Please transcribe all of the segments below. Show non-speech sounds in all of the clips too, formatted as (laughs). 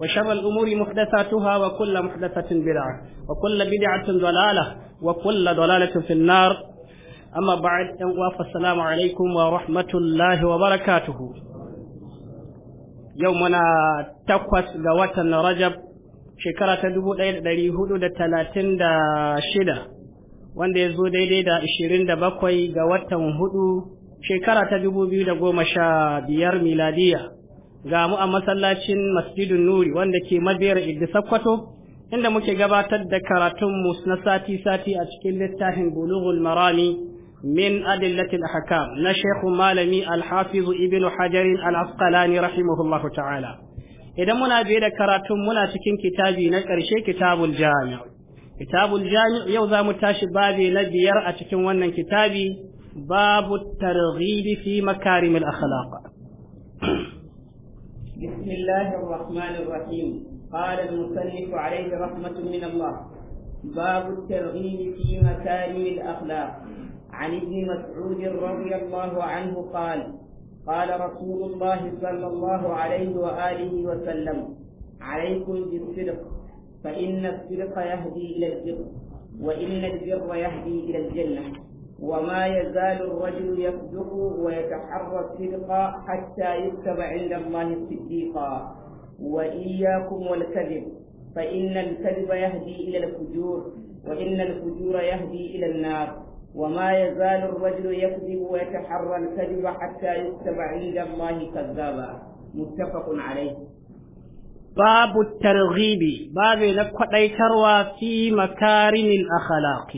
وشر الأمور محدثاتها وكل محدثة بدعة وكل بدعة ضلالة وكل ضلالة في النار أما بعد فالسلام عليكم ورحمة الله وبركاته يومنا تقوس قوات رجب شكرة دبو ليهود تلاتين دا شدة wanda ya zo daidai da 27 ga watan hudu shekara ta 2015 miladiya ga mu a masallacin masjidun nuri wanda ke madera idda sakkwato inda muke gabatar da karatunmu na sati-sati a cikin littafin bulughul marami min adillatil ahkam na shehu malami alhafizu ibn hajarin al-asqalani rahimahullah ta'ala idan muna biye da karatun muna cikin kitabi na ƙarshe kitabul jami' kitabul jami' yau za mu tashi babi na biyar a cikin wannan kitabi babu targhibi fi makarimil akhlaq بسم الله الرحمن الرحيم قال المصنف عليه رحمة من الله باب الترغيب في مكارم الأخلاق عن ابن مسعود رضي الله عنه قال قال رسول الله صلى الله عليه وآله وسلم عليكم بالصدق فإن الصدق يهدي إلى البر وإن البر يهدي إلى الجنة وما يزال الرجل يصدق ويتحرى الصدق حتى يكتب عند الله صديقا وإياكم والكذب فإن الكذب يهدي إلى الفجور وإن الفجور يهدي إلى النار وما يزال الرجل يكذب ويتحرى الكذب حتى يكتب عند الله كذابا متفق عليه باب الترغيب باب لك في مكارم الأخلاق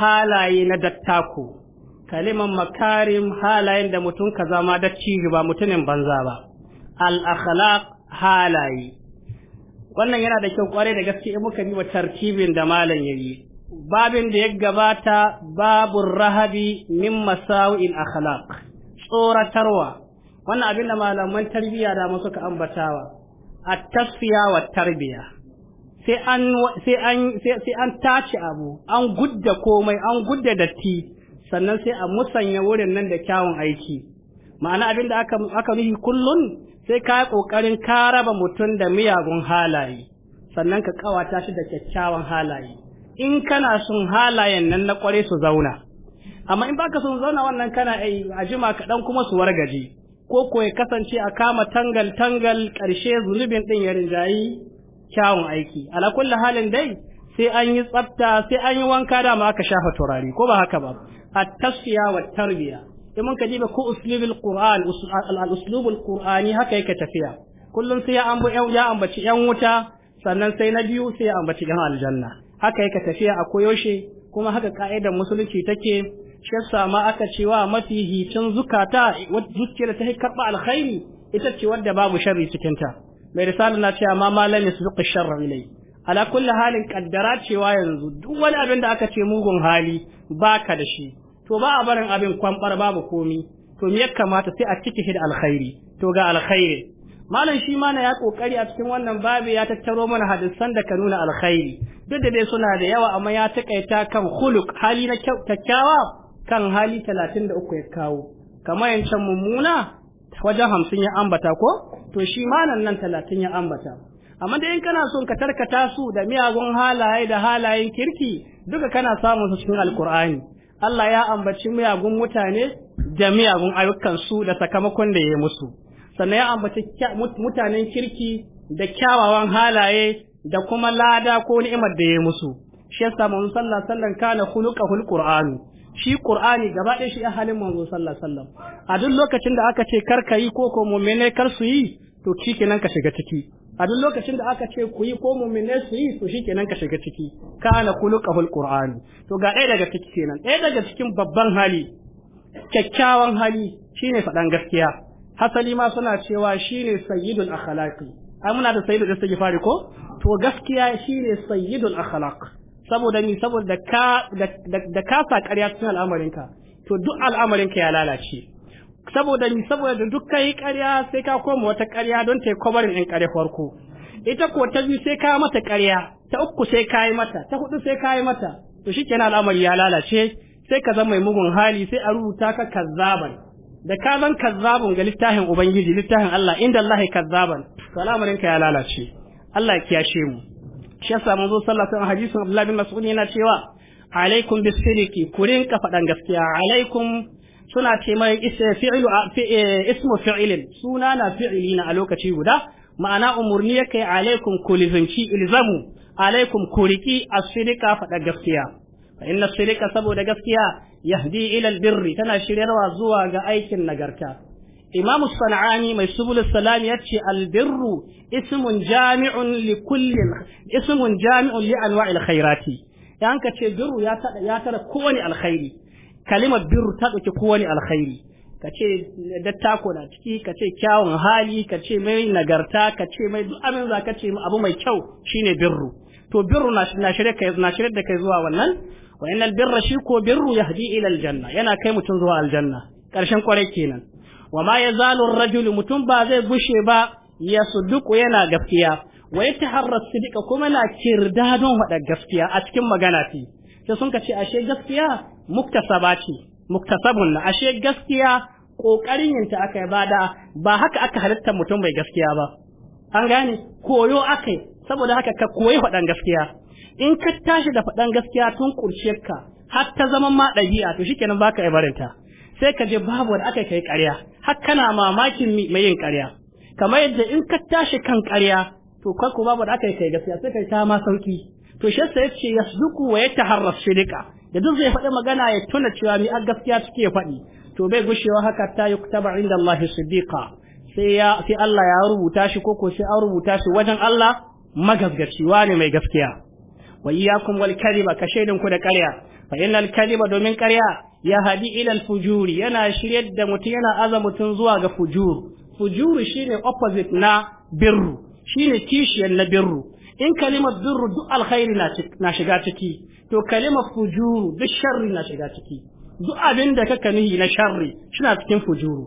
halaye na dattako kaliman makarim halayen da mutum ka zama dacci ba mutumin banza ba al-akhlaq halaye wannan yana da kyau kwarai da gaske in muka biwa wa tartibin da malam yayi babin da ya gabata babu rahabi min masawil akhlaq tsoratarwa wannan abin da malaman tarbiyya da suka ambatawa a tasfiya wa tarbiyya. sai an sai an tace abu an gudda komai an gudda datti sannan sai a musanya wurin nan da kyawun aiki ma'ana abin da aka aka nuhi kullun sai ka yi kokarin ka raba mutum da miyagun halaye sannan ka kawata shi da kyakkyawan halaye in kana son halayen nan na kware su zauna amma in baka sun zauna wannan kana ai a jima kaɗan kuma su wargaji ko ko ya kasance a kama tangal tangal ƙarshe zunubin ɗin ya rinjayi kyawun aiki ala kulli halin dai sai an yi tsafta sai an yi wanka da ma aka shafa turare ko ba haka ba at-tasfiya wa tarbiya in mun kaji ba ko uslubul qur'an al-uslubul qur'ani haka yake tafiya kullun sai ya ya ambaci yan wuta sannan sai na biyu sai ya ambaci yan aljanna haka yake tafiya a koyoshe kuma haka ka'idar musulunci take shi ma aka cewa mafi hicin zukata zuciyar ta karɓa alkhairi ita ce wadda babu sharri cikinta mai risala na cewa ma malam ya suka sharra ilai ala kulli halin kaddara cewa yanzu duk wani abin da aka ce mugun hali baka da shi to ba a barin abin kwambar babu komi to me ya kamata sai a cike shi da alkhairi to ga alkhairi malam shi mana ya kokari a cikin wannan babu ya tattaro mana hadisan da ka nuna alkhairi duk da dai suna da yawa amma ya takaita kan khuluq hali na kyakkyawa kan hali 33 ya kawo kamar yancan mummuna wajen hamsin ya ambata ko to shi manan nan talatin ya ambata amma da in kana son ka tarkata su da miyagun halaye da halayen kirki duka kana samun su cikin alkur'ani Allah ya ambaci miyagun mutane da miyagun ayyukan su da sakamakon da ya yi musu sannan ya ambaci mutanen kirki da kyawawan halaye da kuma lada ko ni'imar da ya yi musu shi yasa manzo sallallahu alaihi wasallam kana hul qur'anu shi qur'ani gaba ɗaya shi halin manzo sallallahu alaihi a duk lokacin da aka ce kar ka yi ko ko mu'mine kar su yi to shikenan ka shiga ciki a duk lokacin da aka ce ku yi ko mu'mine su yi to shikenan ka shiga ciki kana khuluqahul qur'an to ga ɗaya daga ciki kenan ɗaya daga cikin babban hali kyakkyawan hali shine faɗan gaskiya hasali ma suna cewa shine sayyidul akhlaqi ai muna da sayyidul fari ko to gaskiya shine sayyidul akhlaq saboda ni saboda ka da ka sa ƙarya cikin al'amarinka to duk al'amarinka ya lalace saboda ni saboda duk kai ƙarya sai ka koma wata ƙarya don ta yi kwabarin ɗin ƙarya farko ita ko ta biyu sai ka mata ƙarya ta uku sai ka yi mata ta hudu sai ka yi mata to shi kenan al'amari ya lalace sai ka zama mai mugun hali sai a rubuta ka kazzaban da ka zan kazzabun ga littafin ubangiji littafin Allah inda Allah ya kazzaban to al'amarin ka ya lalace Allah ya kiyashe mu shi yasa mun zo sallah sai hadisin Abdullah bin Mas'ud yana cewa alaikum bisiriki ku rinka faɗan gaskiya alaikum suna ce mai eh, eh, ismu fi'ilin suna na fi'ili na a lokaci guda ma'ana umurni yake alaikum ku ilzamu alaikum kuriki riki asirika faɗa gaskiya fa inna sirika saboda gaskiya yahdi ila albirri tana shiryarwa zuwa ga aikin nagarta imamu sana'ani mai subul salam ya ce albirru ismun jami'un li kullin ismun jami'un li anwa'il khairati yanka ce birru ya tara kowane alkhairi kalimar birru ta ɗauki kowane alkhairi ka ce dattako na ciki ka ce kyawun hali ka ce mai nagarta ka ce mai duk abin za ka ce abu mai kyau shine birru to birru na shirya da kai zuwa wannan wa innal birra shi ko birru yahdi ilal janna yana kai mutum zuwa aljanna karshen kwarai kenan wa ma yazalu rajulu mutum ba zai gushe ba ya suduku yana gaskiya wa yataharra sidika kuma na kirda don faɗa gaskiya a cikin magana fi, sai sun ka ce ashe gaskiya muktasaba ce muktasabun na ashe gaskiya kokarin yinta aka ba da ba haka aka halitta mutum bai gaskiya ba an gane koyo aka saboda haka ka koyi faɗan gaskiya in ka tashi da faɗan gaskiya tun ka har ta zama ma ɗabi'a to shikenan baka barinta. sai ka je babu wanda aka kai ƙarya har kana mamakin mai yin ƙarya kamar yadda in ka tashi kan ƙarya to kai babu wani aka kai gaskiya sai kai ta ma sauki to shi sai yace yasduku wa yataharras shirika da duk zai faɗi magana ya tuna cewa mi a gaskiya suke faɗi to bai gushewa haka ta yi kutaba inda Allah Sadiqa? sai ya sai Allah ya rubuta shi ko sai an rubuta shi wajen Allah magazgaci ne mai gaskiya wa iyyakum wal kalima ka shaidin ku da ƙarya fa innal kalima domin karya? ya hadi ila fujuri yana shiryar da mutum yana aza mutum zuwa ga fujur fujuru shine opposite na birru shine kishiyar na birru in kalimar birru duk alkhairi na shiga ciki to kalimar fujuru duk sharri na shiga ciki duk abin da kaka nihi na sharri suna cikin fujuru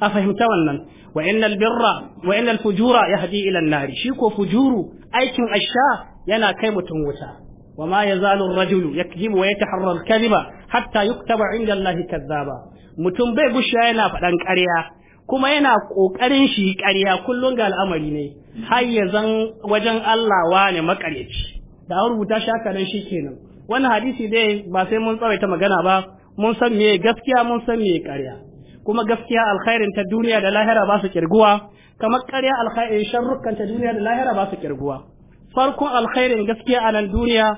a fahimta wannan wa innal birra wa innal fujura ya ila an-nari shi ko fujuru aikin asha yana kai mutum wuta wa ma yazalu ar-rajulu yakzibu wa yataharra al-kalima hatta yuktaba 'inda Allah ba, mutum bai gusha yana faɗan ƙarya kuma yana ƙoƙarin shi ƙarya kullum ga al'amari ne har ya wajen Allah wane makaryaci da an rubuta shi haka nan shikenan wannan hadisi dai ba sai mun tsawaita magana ba mun san meye gaskiya mun san meye ƙarya kuma gaskiya alkhairin ta duniya da lahira ba su kirguwa kamar ƙarya alkhairin sharrukan ta duniya da lahira ba su kirguwa farkon alkhairin gaskiya a nan duniya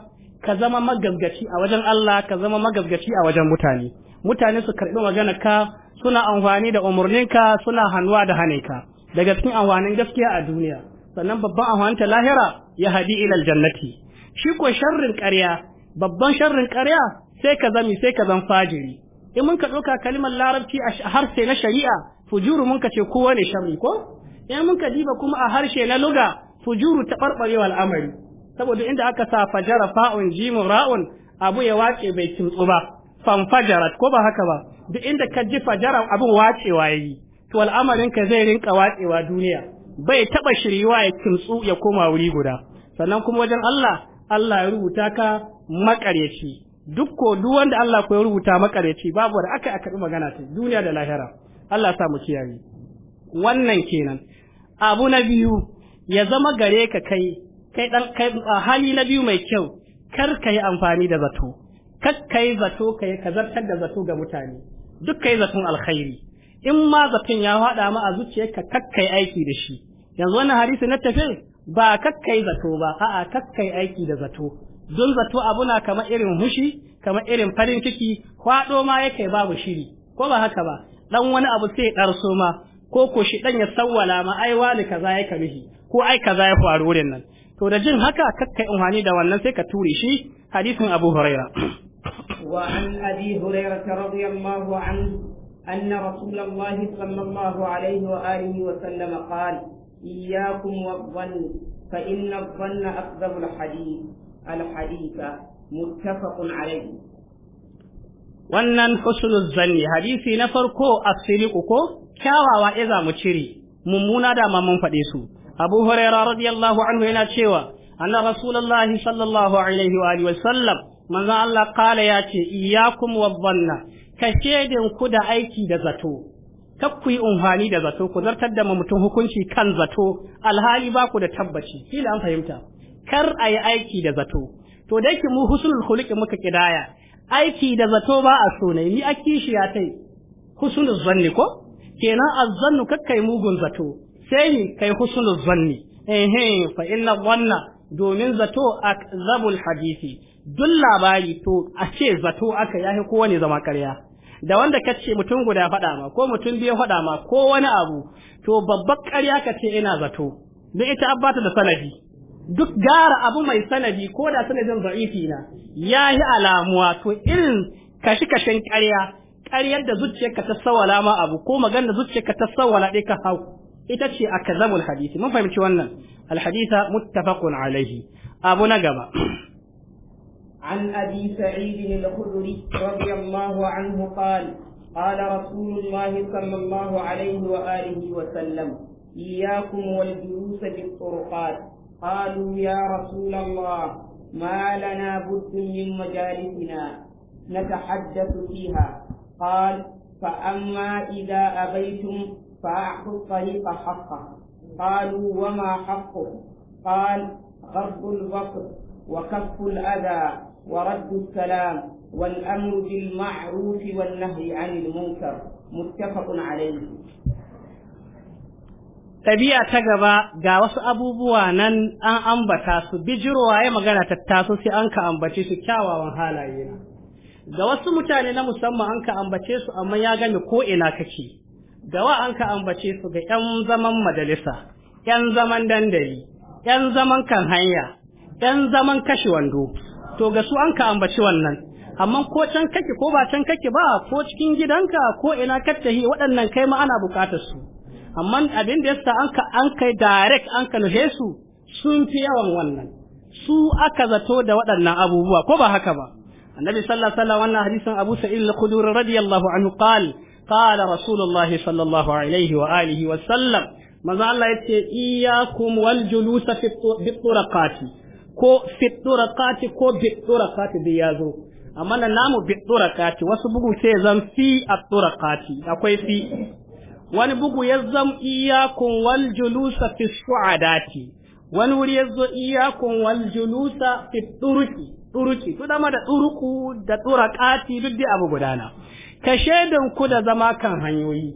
ka zama magabgaci a wajen Allah ka zama magabgaci a wajen mutane mutane su karɓi magana ka suna amfani da umarninka suna hannuwa da haninka daga cikin amfanin gaskiya a duniya sannan babban amfanin ta lahira ya hadi ilal jannati shi ko sharrin ƙarya babban sharrin ƙarya sai ka zami sai ka zan fajiri in mun ka ɗauka kalimar larabci a harshe na shari'a fujuru mun ka ce kowane sharri ko in mun ka diba kuma a harshe na luga fujuru ta ɓarɓarewa al'amari saboda inda aka sa fajara fa'un jimun ra'un abu ya wace bai kintsu ba fanfajarat ko ba haka ba duk inda ka ji fajara abin wacewa yi, to al'amarin ka zai rinka wacewa duniya bai taba shiryuwa ya kintsu ya koma wuri guda sannan kuma wajen Allah Allah ya rubuta ka makaryaci duk ko duk wanda Allah ko ya rubuta makaryaci babu da aka aka magana ta duniya da lahira Allah sa mu kiyaye wannan kenan abu na biyu ya zama gare ka kai kai dan kai hali na biyu mai kyau kar ka yi amfani da zato kar ka yi zato ka yi kazartar da zato ga mutane duk kai zaton alkhairi in ma zaton ya haɗa ma a zuciyarka kar ka yi aiki da shi yanzu wannan hadisi na tafe ba kakkai zato ba a'a kakkai aiki da zato don zato abuna kamar irin hushi kamar irin farin ciki kwado ma yake babu shiri ko ba haka ba dan wani abu sai darso ma ko ko shi dan ya sawwala ma ai wani kaza ya kamihi ko ai kaza ya faru wurin nan to da jin haka kakkai umhani da wannan sai ka ture shi hadisin Abu Huraira (coughs) wa an Abi Huraira radiyallahu anhu أن رسول الله صلى الله عليه وآله وسلم قال إياكم والظن فإن الظن أكذب الحديث الحديث متفق عليه wannan husnul zanni hadisi na farko siri ko kyawawa iza mu ciri mummuna da ma mun faɗe su abu huraira radiyallahu anhu yana cewa anna rasulullahi sallallahu alaihi wa alihi wasallam manzo Allah kala ya ce iyyakum dhanna ka shedin ku da aiki da zato kak ku yi umfani da zato ku zartar da mutum hukunci kan zato alhali ba ku da tabbaci kila an fahimta kar a yi aiki da zato to da yake mu husnul khuluqi muka kidaya aiki da zato ba a so ne ni a kishiya tai husnul zanni ko kenan azzannu kakkai mugun zato sai ni kai husnul zanni eh fa inna dhanna domin zato akzabul hadisi duk labari to a ce zato aka yahi ko wani zama ƙarya da wanda ka ce mutum guda faɗa ma ko mutum biyu faɗa ma ko wani abu to babbar ƙarya ka ce ina zato don ita abbata da sanadi duk gara abu mai sanadi ko da sanadin da'ifi na ya yi alamuwa to irin kashi-kashin ƙarya ƙaryar da zuciyarka ta sawala ma abu ko maganar da zuciyarka ta sawala ɗai ka hau ita ce a kazamul hadisi mun fahimci wannan alhadisa muttafaqun alaihi abu na gaba عن أبي سعيد الخدري رضي الله عنه قال قال رسول الله صلى الله عليه وآله وسلم إياكم والجلوس بالطرقات قالوا يا رسول الله ما لنا بد من مجالسنا نتحدث فيها قال فأما إذا أبيتم فأعطوا الطريق حقه قالوا وما حقه قال غض البصر وكف الأذى ورد السلام والأمر بالمعروف والنهي عن المنكر متفق عليه tabiya ta gaba ga wasu abubuwa nan an ambata su bijirwa ya magana ta taso sai an ka ambace su kyawawan halaye na ga wasu mutane na musamman an ka ambace su amma ya gami ko ina kake ga wa an ka ambace su ga yan zaman majalisa yan zaman dandali yan zaman kan hanya yan zaman kashe wando to ga su an ka ambaci wannan amma ko can kake ko ba can kake ba ko cikin gidanka ko ina kattahi waɗannan kai ma ana bukatar su amma abin da yasa sa ka an kai direct an ka nufe su sun fi yawan wannan su aka zato da waɗannan abubuwa ko ba haka ba annabi sallallahu alaihi wasallam wannan hadisin Abu Sa'id al-Khudri radiyallahu anhu qal qala rasulullahi sallallahu alaihi wa alihi wa sallam manzo Allah yace iyyakum wal julusa fi bituraqati ko fi turaqati ko bituraqati da yazo amma na namu bituraqati wasu bugu sai zan fi at akwai fi wani bugu ya zam iyakun wal julusa fi su'adati wani wuri ya zo iyakun wal julusa fi turuki turuki su dama da turuku da turakati duk dai abu gudana ka shaidan ku da zama kan hanyoyi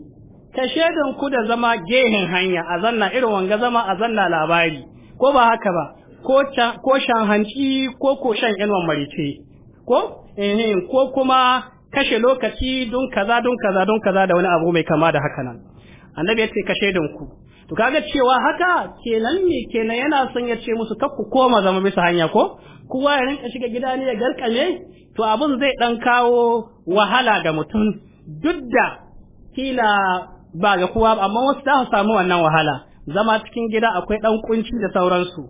ka shaidan ku da zama gehen hanya a zanna irin wanga zama a zanna labari ko ba haka ba ko shan hanci ko ko shan inwan marice ko ko kuma kashe lokaci don kaza don kaza don kaza da wani abu mai kama da haka nan annabi ya ce kashe don ku to kaga cewa haka kenan ne kenan yana son ya ce musu kakku koma zama bisa hanya ko kowa ya rinka shiga gida ne ya garkame to abun zai dan kawo wahala ga mutum duk da kila ba ga kowa amma wasu za su samu wannan wahala zama cikin gida akwai dan kunci da sauransu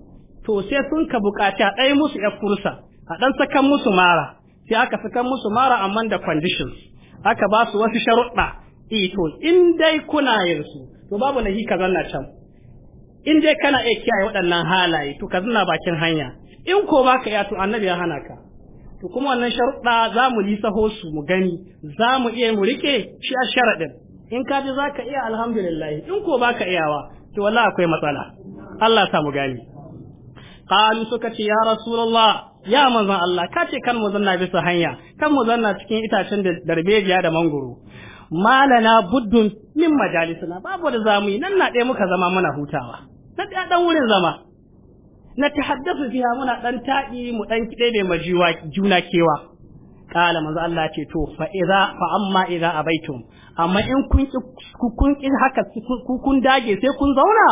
to sai sun ka bukaci a ɗaya musu ya fursa a ɗan sakan musu mara sai aka fitar musu mara amman da conditions aka ba su wasu sharuɗa ito eh to in dai kuna yansu to babu na hika zanna can in dai kana iya kiyaye waɗannan halaye to ka zanna bakin hanya in ko ka iya to annabi ya hana ka to kuma wannan sharuɗa za mu saho su mu gani za mu iya mu rike shi a sharaɗin in ka ji za ka iya alhamdulillah in ko ba ka iyawa to wallahi akwai matsala Allah sa mu gani qalu suka ce ya rasulullah ya manzon Allah ka ce kan mu na bisa hanya kan mu na cikin itacen da darbejiya da mangoro malana buddun min majalisuna babu da zamu yi nan na ɗaya muka zama muna hutawa na ɗaya ɗan wurin zama na ta haddasa fiya muna ɗan taɗi mu ɗan kiɗe mai majiwa juna kewa kala manzo Allah ce to fa iza fa amma idza abaitum amma in kun kun haka kun dage sai kun zauna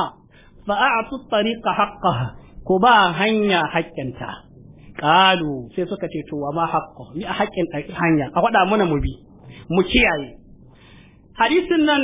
fa a'tu tariqa haqqaha ko ba hanya haƙƙinta kalu sai suka ce to wa ma haqqo ni a haƙƙin hanya a faɗa mana mu bi mu kiyaye hadisin nan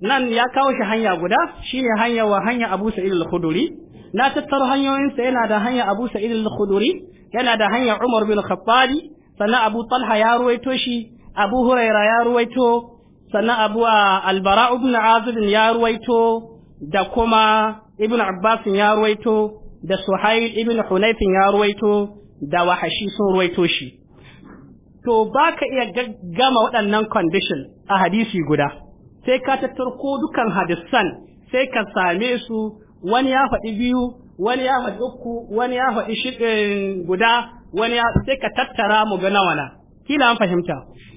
nan ya kawo shi hanya guda shine hanya wa hanya Abu Sa'id al-Khudri na tattaro hanyoyinsa yana da hanya Abu Sa'id al-Khudri yana da hanya Umar bin Khattab sannan Abu Talha ya ruwaito shi Abu Huraira ya ruwaito sannan Abu Al-Bara ibn Azib ya ruwaito da kuma Ibn Abbas ya ruwaito da suhail ibn hunayfin ya ruwaito da wahashi sun ruwaito shi to baka iya gama waɗannan condition a hadisi guda sai ka tattarko dukan hadisan sai ka same su wani ya faɗi biyu wani ya faɗi uku wani ya faɗi eh, guda wani ya sai ka tattara mu ga nawa na kila an fahimta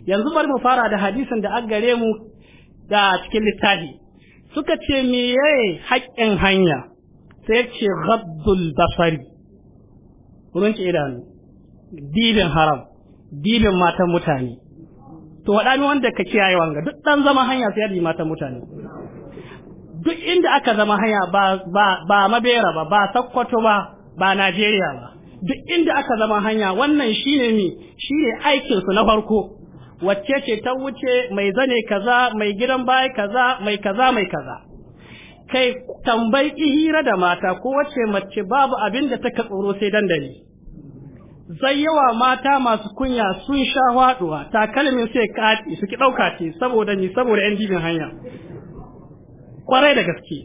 yanzu bari mu fara da hadisin da an gare mu da cikin littafi suka ce me meye haƙƙin hanya sai ce ghaddul basari runce idanu dibin haram dibin matan mutane to waɗa wanda ka kiyaye wanga duk ɗan zama hanya sai yadda matan mutane duk inda aka zama hanya ba mabera ba ba sakkwato ba ba Najeriya ba duk inda aka zama hanya wannan shine mi shine aikin su na farko wacce ce ta wuce mai zane kaza mai gidan baya kaza mai kaza mai kaza kai tambayi hira da mata ko wace mace babu abin da taka tsoro sai dandali zai yawa mata masu kunya sun sha waduwa takalmin sai kati suki dauka ce saboda ni saboda yan dibin hanya kwarai da gaske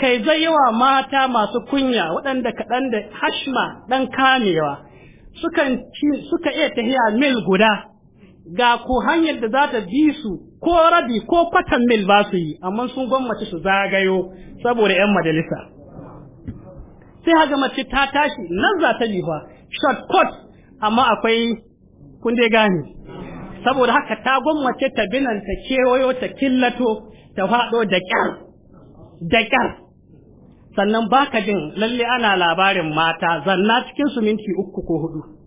kai zai yawa mata masu kunya waɗanda kaɗan da hashma ɗan kamewa sukan suka iya tahiya mil guda ga ku hanyar da za ta bi su ko rabi ko kwatan mil ba su yi amma sun gwammace su zagayo saboda 'yan majalisa sai haga mace ta tashi nan za ta yi shot shortcut amma akwai kun dai gane saboda haka ta gwammace ta binan ta kewayo ta killato ta faɗo da ƙyar da ƙyar sannan baka jin lalle ana labarin mata zanna cikin su minti uku ko hudu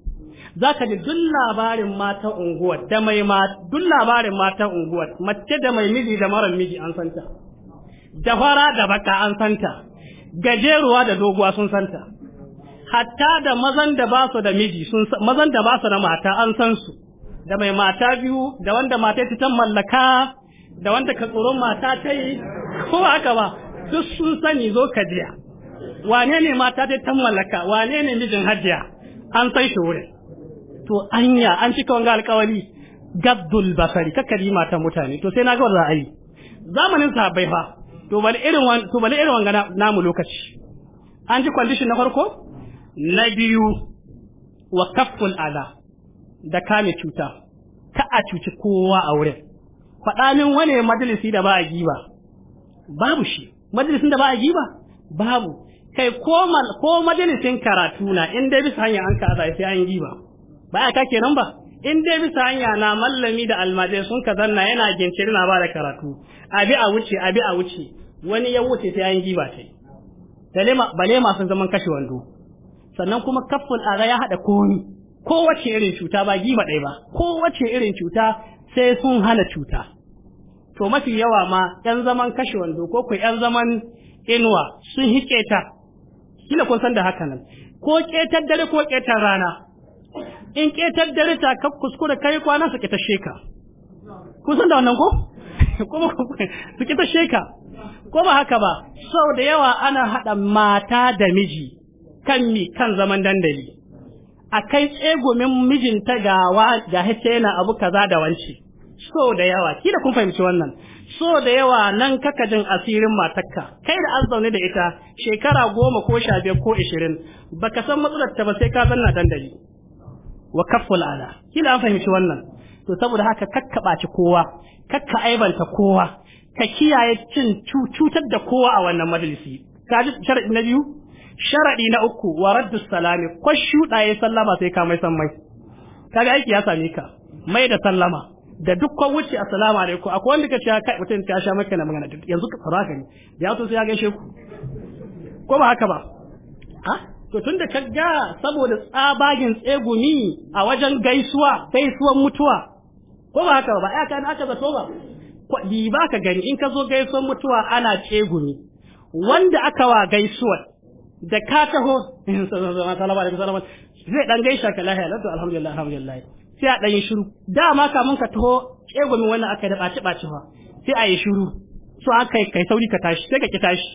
Za ka ji duk labarin mata unguwa da mai duk labarin mata unguwa mace da mai miji da mara miji an santa da fara da baka an santa gajeruwa da doguwa sun santa hatta da mazan da ba su da miji sun mazan da ba su da mata an san su da mai mata biyu da wanda mata ta tan mallaka da wanda ka tsoron mata ta yi ko haka ba duk sun sani zo ka jiya wane ne mata ta mallaka wane ne mijin hajiya an san shi wurin to anya an cika wanga alƙawari gaddul basari ji mata mutane to sai na ga wanda ayi zamanin sahabbai fa to bali irin wani to bali irin wanga namu lokaci an ji condition na farko na biyu wa kafful ala da kame cuta ka a cuci kowa a wurin min wani majalisi da ba a giba babu shi majalisin da ba a giba babu kai ko majalisin karatu na in dai bisa hanyar an ka sai an giba ba ya kake nan ba in dai bisa hanya na mallami da almajai sun ka zanna yana ginciri na ba da karatu abi a wuce abi a wuce wani ya wuce sai an giba tai bale masu zaman kashe wando sannan kuma kafin aga ya haɗa komi kowace irin cuta ba giba ɗaya ba kowace irin cuta sai sun hana cuta to mafi yawa ma yan zaman kashe wando ko ku yan zaman inuwa sun hiƙeta keta kila kun san da haka nan ko ƙetar dare ko ƙetar rana in ketar da rita ka kuskure kai kwana su ta sheka kun san da wannan ko (laughs) kuma su ta sheka ko ba haka ba sau da yawa ana haɗa mata da miji kan mi kan zaman dandali a kai tsegumin mijinta gawa ga yana abu kaza da wanci so da yawa ki da kun fahimci wannan so da yawa nan kaka jin asirin matakka kai da an da ita shekara goma ko sha ko ishirin baka san matsalar ta ba sai ka zanna dandali wa kafful ala kila an fahimci wannan to saboda haka kakka ɓaci kowa kakka aibanta kowa ka kiyaye cin cutar da kowa a wannan majalisi ka ji sharadi na biyu sharadi na uku wa raddu salami ko shuɗaye sallama sai ka mai san mai Ka ga aiki ya same ka mai da sallama da dukkan wuce assalamu alaikum akwai wanda ka ce kai mutum ta sha maka na magana yanzu ka tsara ka ne ya to sai ya gaishe ku ko ba haka ba ha to tun da kaga saboda tsabagen tsegumi a wajen gaisuwa gaisuwan mutuwa ko ba haka ba ya kan aka zato ba Kwaɗi ba ka gani in ka zo gaisuwan mutuwa ana tsegumi wanda aka wa gaisuwa da ka taho (laughs) zai ɗan gaisha ka lahiya lantu alhamdulillah alhamdulillah sai a ɗan yi shiru dama kamun ka taho tsegumi wannan aka da ɓace baci ba, sai a yi shiru so aka kai sauri ka tashi sai ka ki tashi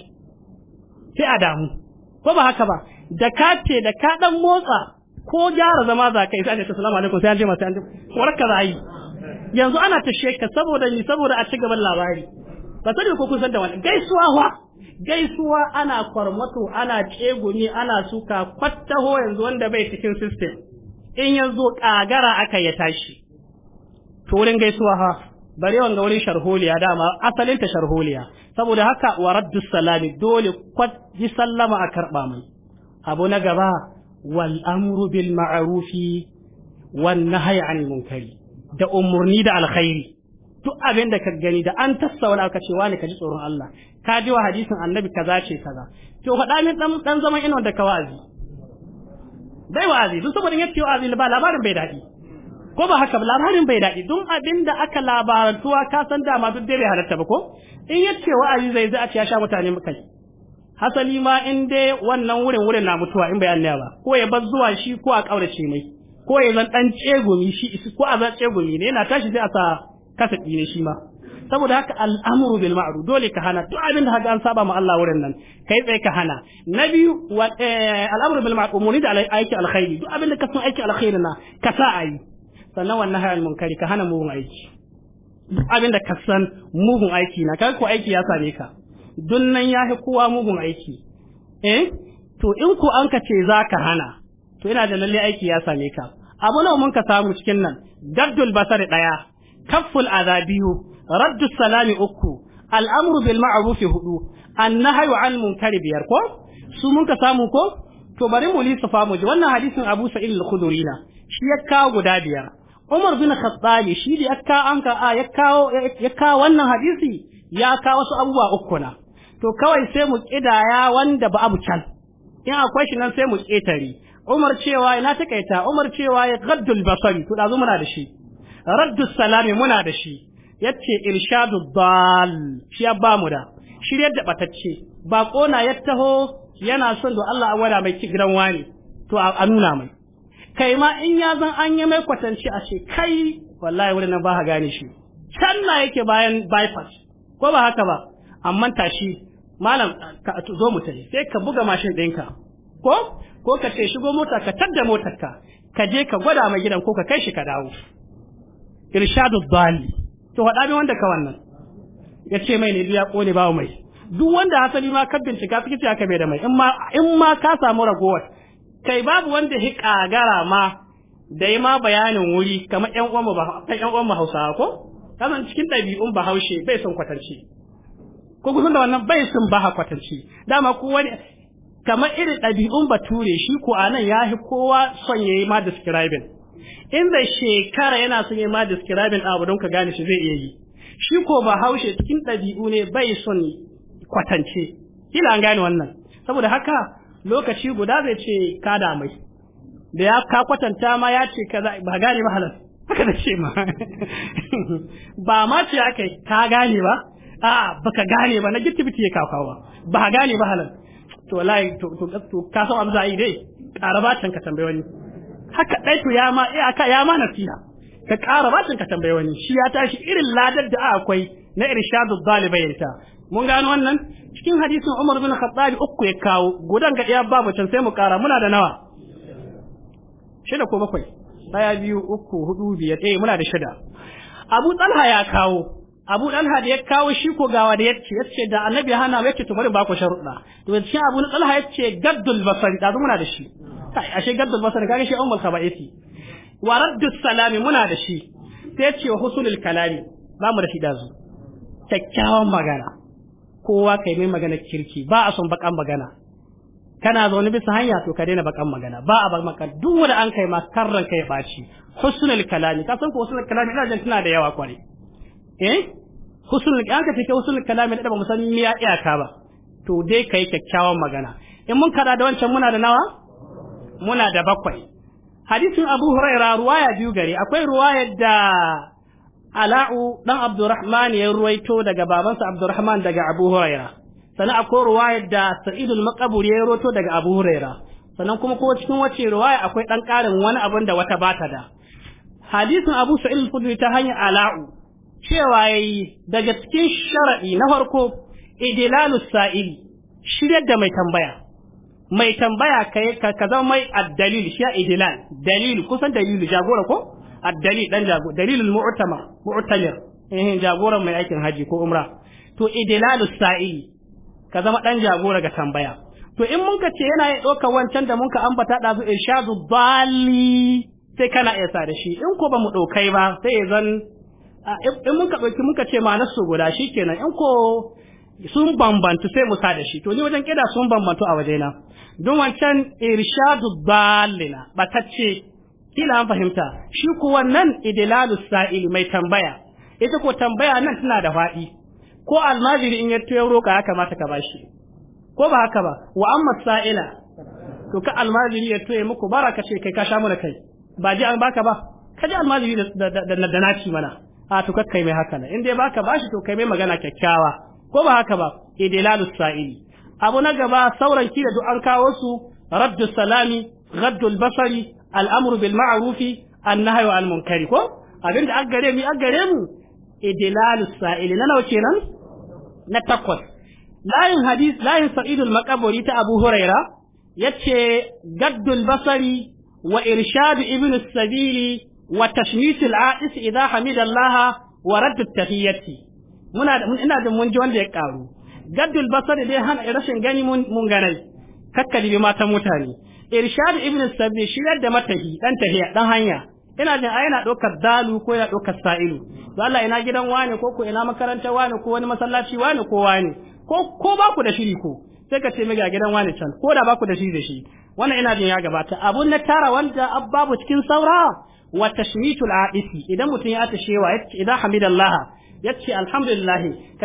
sai a damu ko ba haka ba da ka ce da ka dan motsa ko gyara zama za ka yi sai ce alaikum sai an ma sai an je warka za yanzu ana ta sheka saboda ni saboda a ci gaban labari ba sani ko kun san da wannan gaisuwa wa gaisuwa ana kwarmato ana cegumi ana suka kwattaho yanzu wanda bai cikin system in yanzu kagara aka ya tashi to wurin gaisuwa ha bare wanga wurin sharholiya dama asalin ta sharholiya saboda haka wa raddu salami dole kwat ji sallama a karba mai abu na gaba wal amru bil ma'rufi wan nahyi anil munkari da umurni da alkhairi duk abin da ka gani da an tassa wani aka ce wani ka ji tsoron Allah ka ji wa hadisin annabi kaza ce kaza to faɗa min dan dan zaman ina da kawazi bai wa'azi duk saboda yace wa'azi ba labarin bai daɗi ko ba haka labarin bai daɗi duk abin da aka labarantuwa ka san dama duk dai bai halatta ba ko in yace wa'azi zai zai a ce sha mutane kai hasali ma in dai wannan wurin wurin na mutuwa in bayan ba ko ya bar zuwa shi ko a kaurace mai ko ya zan dan tsegumi shi ko a zan tsegumi ne yana tashi sai a sa kasa ne shi ma saboda haka al'amuru bil ma'ruf dole ka hana duk abin da haka an saba ma Allah wurin nan kai tsaye ka hana na biyu eh, al'amuru bil ma'ruf muni da aiki alkhairi duk abin da ka san aiki alkhairi na ka sa ayi sannan wannan hayal munkari ka hana mugun aiki duk abin da ka san mugun aiki na kai ko aiki ya same ka nan ya fi kowa mugun aiki eh to in ku an ka ce za ka hana to ina da lalle aiki ya same ka abu nawa mun ka samu cikin nan gaddul basar daya kafful biyu. raddu salami uku al'amru bil ma'ruf hudu annahyu an munkar biyar ko su mun ka samu ko to bari mu lissafa mu ji wannan hadisin Abu Sa'id al-Khudri na shi ya kawo guda biyar Umar bin Khattab shi da ya kawo an ka ya kawo ya kawo wannan hadisi ya kawo wasu abubuwa uku na to kawai sai mu kidaya wanda ba abu can in akwai shi nan sai mu ketare umar cewa ina takaita umar cewa ya gaddul basari to dazu muna da shi raddu salami muna da shi yace irshadu dal shi ya ba mu da shiryar da batacce ba kona ya taho yana son da Allah awara mai kigran wani to a nuna mai kai ma in ya zan an yi mai kwatanci a ce kai wallahi wurin nan ba ha gane shi can na yake bayan bypass ko ba haka ba amma tashi malam ka zo mu tare sai ka buga mashin ɗinka ko ko ka ce shigo mota ka tadda motar ka ka je ka gwada mai gidan ko ka kai shi ka dawo irshadu dali to faɗa min wanda ka wannan ya ce mai ne biya kone bawo mai duk wanda hasali ma ka bincika suke ce aka mai da mai in ma in ma ka samu ragowar kai babu wanda hi kagara ma da yi ma bayanin wuri kamar 'yan uwan mu ba uwan mu Hausawa ko kasan cikin ɗabi'un Bahaushe bai son kwatance. ko kusan da wannan bai sun ba kwatanci dama ko wani kamar irin ɗabi'un bature shi ko nan ya fi kowa son ya yi ma describing in da shekara yana son ya yi ma describing abu don ka gane shi zai iya yi shi ko ba haushe cikin ɗabi'u ne bai son kwatance kila an gane wannan saboda haka lokaci guda zai ce ka damai da ya ka kwatanta ma ya ce kaza ba gane ba halal haka da ce ma (laughs) ba ma ce aka ka gane ba a baka gane ba na gitti biti ya kawo ba ba gane ba halal to wallahi to to to ka san amza yi dai ƙara bacin ka tambaye wani haka dai to ya ma eh aka ya ma nasiha ka ƙara can ka tambaye wani shi ya tashi irin ladar da akwai na irshadu dalibai ta mun gano wannan cikin hadisin Umar bin Khattab uku ya kawo gudan ga iya babu can sai mu ƙara muna da nawa shida ko bakwai Baya biyu uku hudu biyar eh muna da shida Abu Talha ya kawo abu dalha da ya kawo shi ko gawa da yace yace da annabi hana yace to bari ba ku sharuɗa to shi abu dalha yace gaddul basari da muna da shi kai ashe gaddul basari kage shi ummul khaba'isi wa raddus salami muna da shi sai yace husulul kalami ba mu da shi dazu kyakkyawan magana kowa kai mai magana kirki ba a son bakan magana kana zaune bisa hanya to ka daina bakan magana ba a bakan magana duk wanda an kai ma karran kai shi husnul kalami ka san ko husnul kalami ina jin tana da yawa kwarai eh husnul an ka take husnul kalami da ba mu san miya iyaka ba to dai kai kyakkyawan magana in mun kada da wancan muna da nawa muna da bakwai hadisin Abu Hurairah ruwaya biyu gare akwai ruwayar da Ala'u dan Abdurrahman ya ruwaito daga babansa Abdurrahman daga Abu huraira. sannan akwai ruwayar da Sa'idul Maqburi ya ruwaito daga Abu huraira. sannan kuma ko cikin wace ruwaya akwai dan karin wani abin da wata bata da hadisin Abu Sa'id al-Khudri ta hanyar Ala'u cewa yayi daga cikin sharaɗi na farko Idilalus sa'ili shirya da mai tambaya mai tambaya yi ka zama mai addalil shi ya idilal dalil kusan dalil jagora ko addalil dan jagora dalilul mu'tama mu'tamir eh jagoran mai aikin haji ko umra to Idilalus sa'ili ka zama dan jagora ga tambaya to in mun ka ce yana ya ɗauka wancan da mun ka ambata ɗazu irshadu bali sai kana iya sa da shi in ko ba mu ɗaukai ba sai ya zan Ah, in muka ɗauki muka ce ma nasu guda shi kenan in ko sun bambantu sai mu sa da shi to ni wajen ƙida sun bambantu a wajena don wancan irshadu dalina ce kila an fahimta shi kuwa nan Idilalu sa'ili mai tambaya ita ko tambaya nan tana da faɗi ko almajiri in ya tuyo roƙa ya kamata ka bashi ko ba haka ba wa amma sa'ila to ka almajiri ya tuyo muku baraka ce kai ka sha mana kai ba ji an baka ba ka ji almajiri da da da naci mana a to kakkai mai haka nan in dai baka bashi to kai mai magana kyakkyawa ko ba haka ba idlalu sa'ili abu na gaba sauran da duk an kawo su raddu salami gaddul basari al'amru bil ma'rufi annahyu al munkari ko Abin da gare mi an gare mu idlalu sa'ili na nawa kenan na takwas layin hadis layin sa'idul maqaburi ta abu huraira yace gaddul basari wa irshadu ibn sabili wa tashmitul a'is hamida hamidallaha wa at tahiyyati muna da ina da mun ji wanda ya karu gaddul basari dai hana rashin gani mun ganai kakkali bi mata mutane irshad ibn sabbi shirar da matahi dan tahiya dan hanya ina jin ai yana ɗaukar dalu ko yana ɗaukar sa'ilu to Allah ina gidan wani ko ko ina makarantar wani ko wani masallaci wani ko wani ko ko ba ku da shiri ko sai ka ce mai ga gidan wani can ko da ba ku da shiri da shi wannan ina jin ya gabata abun na tara wanda babu cikin saura wa tashmitul aisi idan mutum ya tashewa yace idan hamidallah yace alhamdulillah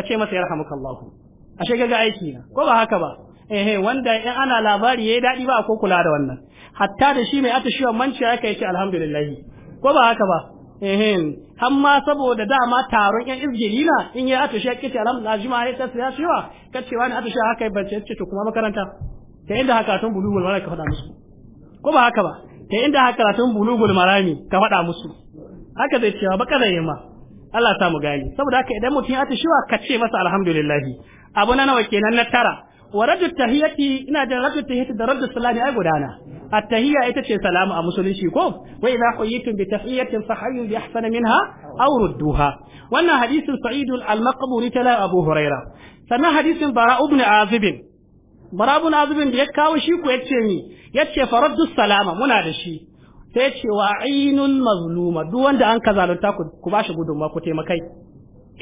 ce masa yarhamukallah ashe kaga aiki na ko ba haka ba eh wanda in ana labari yayi dadi ba ko kula da wannan hatta da shi mai atashewa manci yake yace alhamdulillah ko ba haka ba eh amma saboda dama taron yan izgili na in ya atashe kace alhamdulillah juma'a ne ta tsaya shiwa kace wani atashe haka bace ce to kuma makaranta ta inda haka tun bulugul wala ka faɗa musu ko ba haka ba ta inda haka karatun bulugul marami ka faɗa musu haka zai cewa baka da ma. Allah ta mu gani saboda haka idan mutum ya tashiwa ka ce masa alhamdulillah abu na nawa kenan na tara wa raddu tahiyati ina da raddu tahiyati da raddu salami ai gudana at-tahiyya ita ce salamu a musulunci ko wa idha huyitum bi tahiyatin fa hayyu bi ahsana minha aw rudduha wannan hadisin sa'idul al-maqburi tala abu huraira sannan hadisin bara ibn azib barabun azubin da ya kawo shi ku yace ni yace faraddus salama muna da shi sai ce wa ainul mazluma duk wanda an ka zalunta ku ku bashi gudunma ku taimakai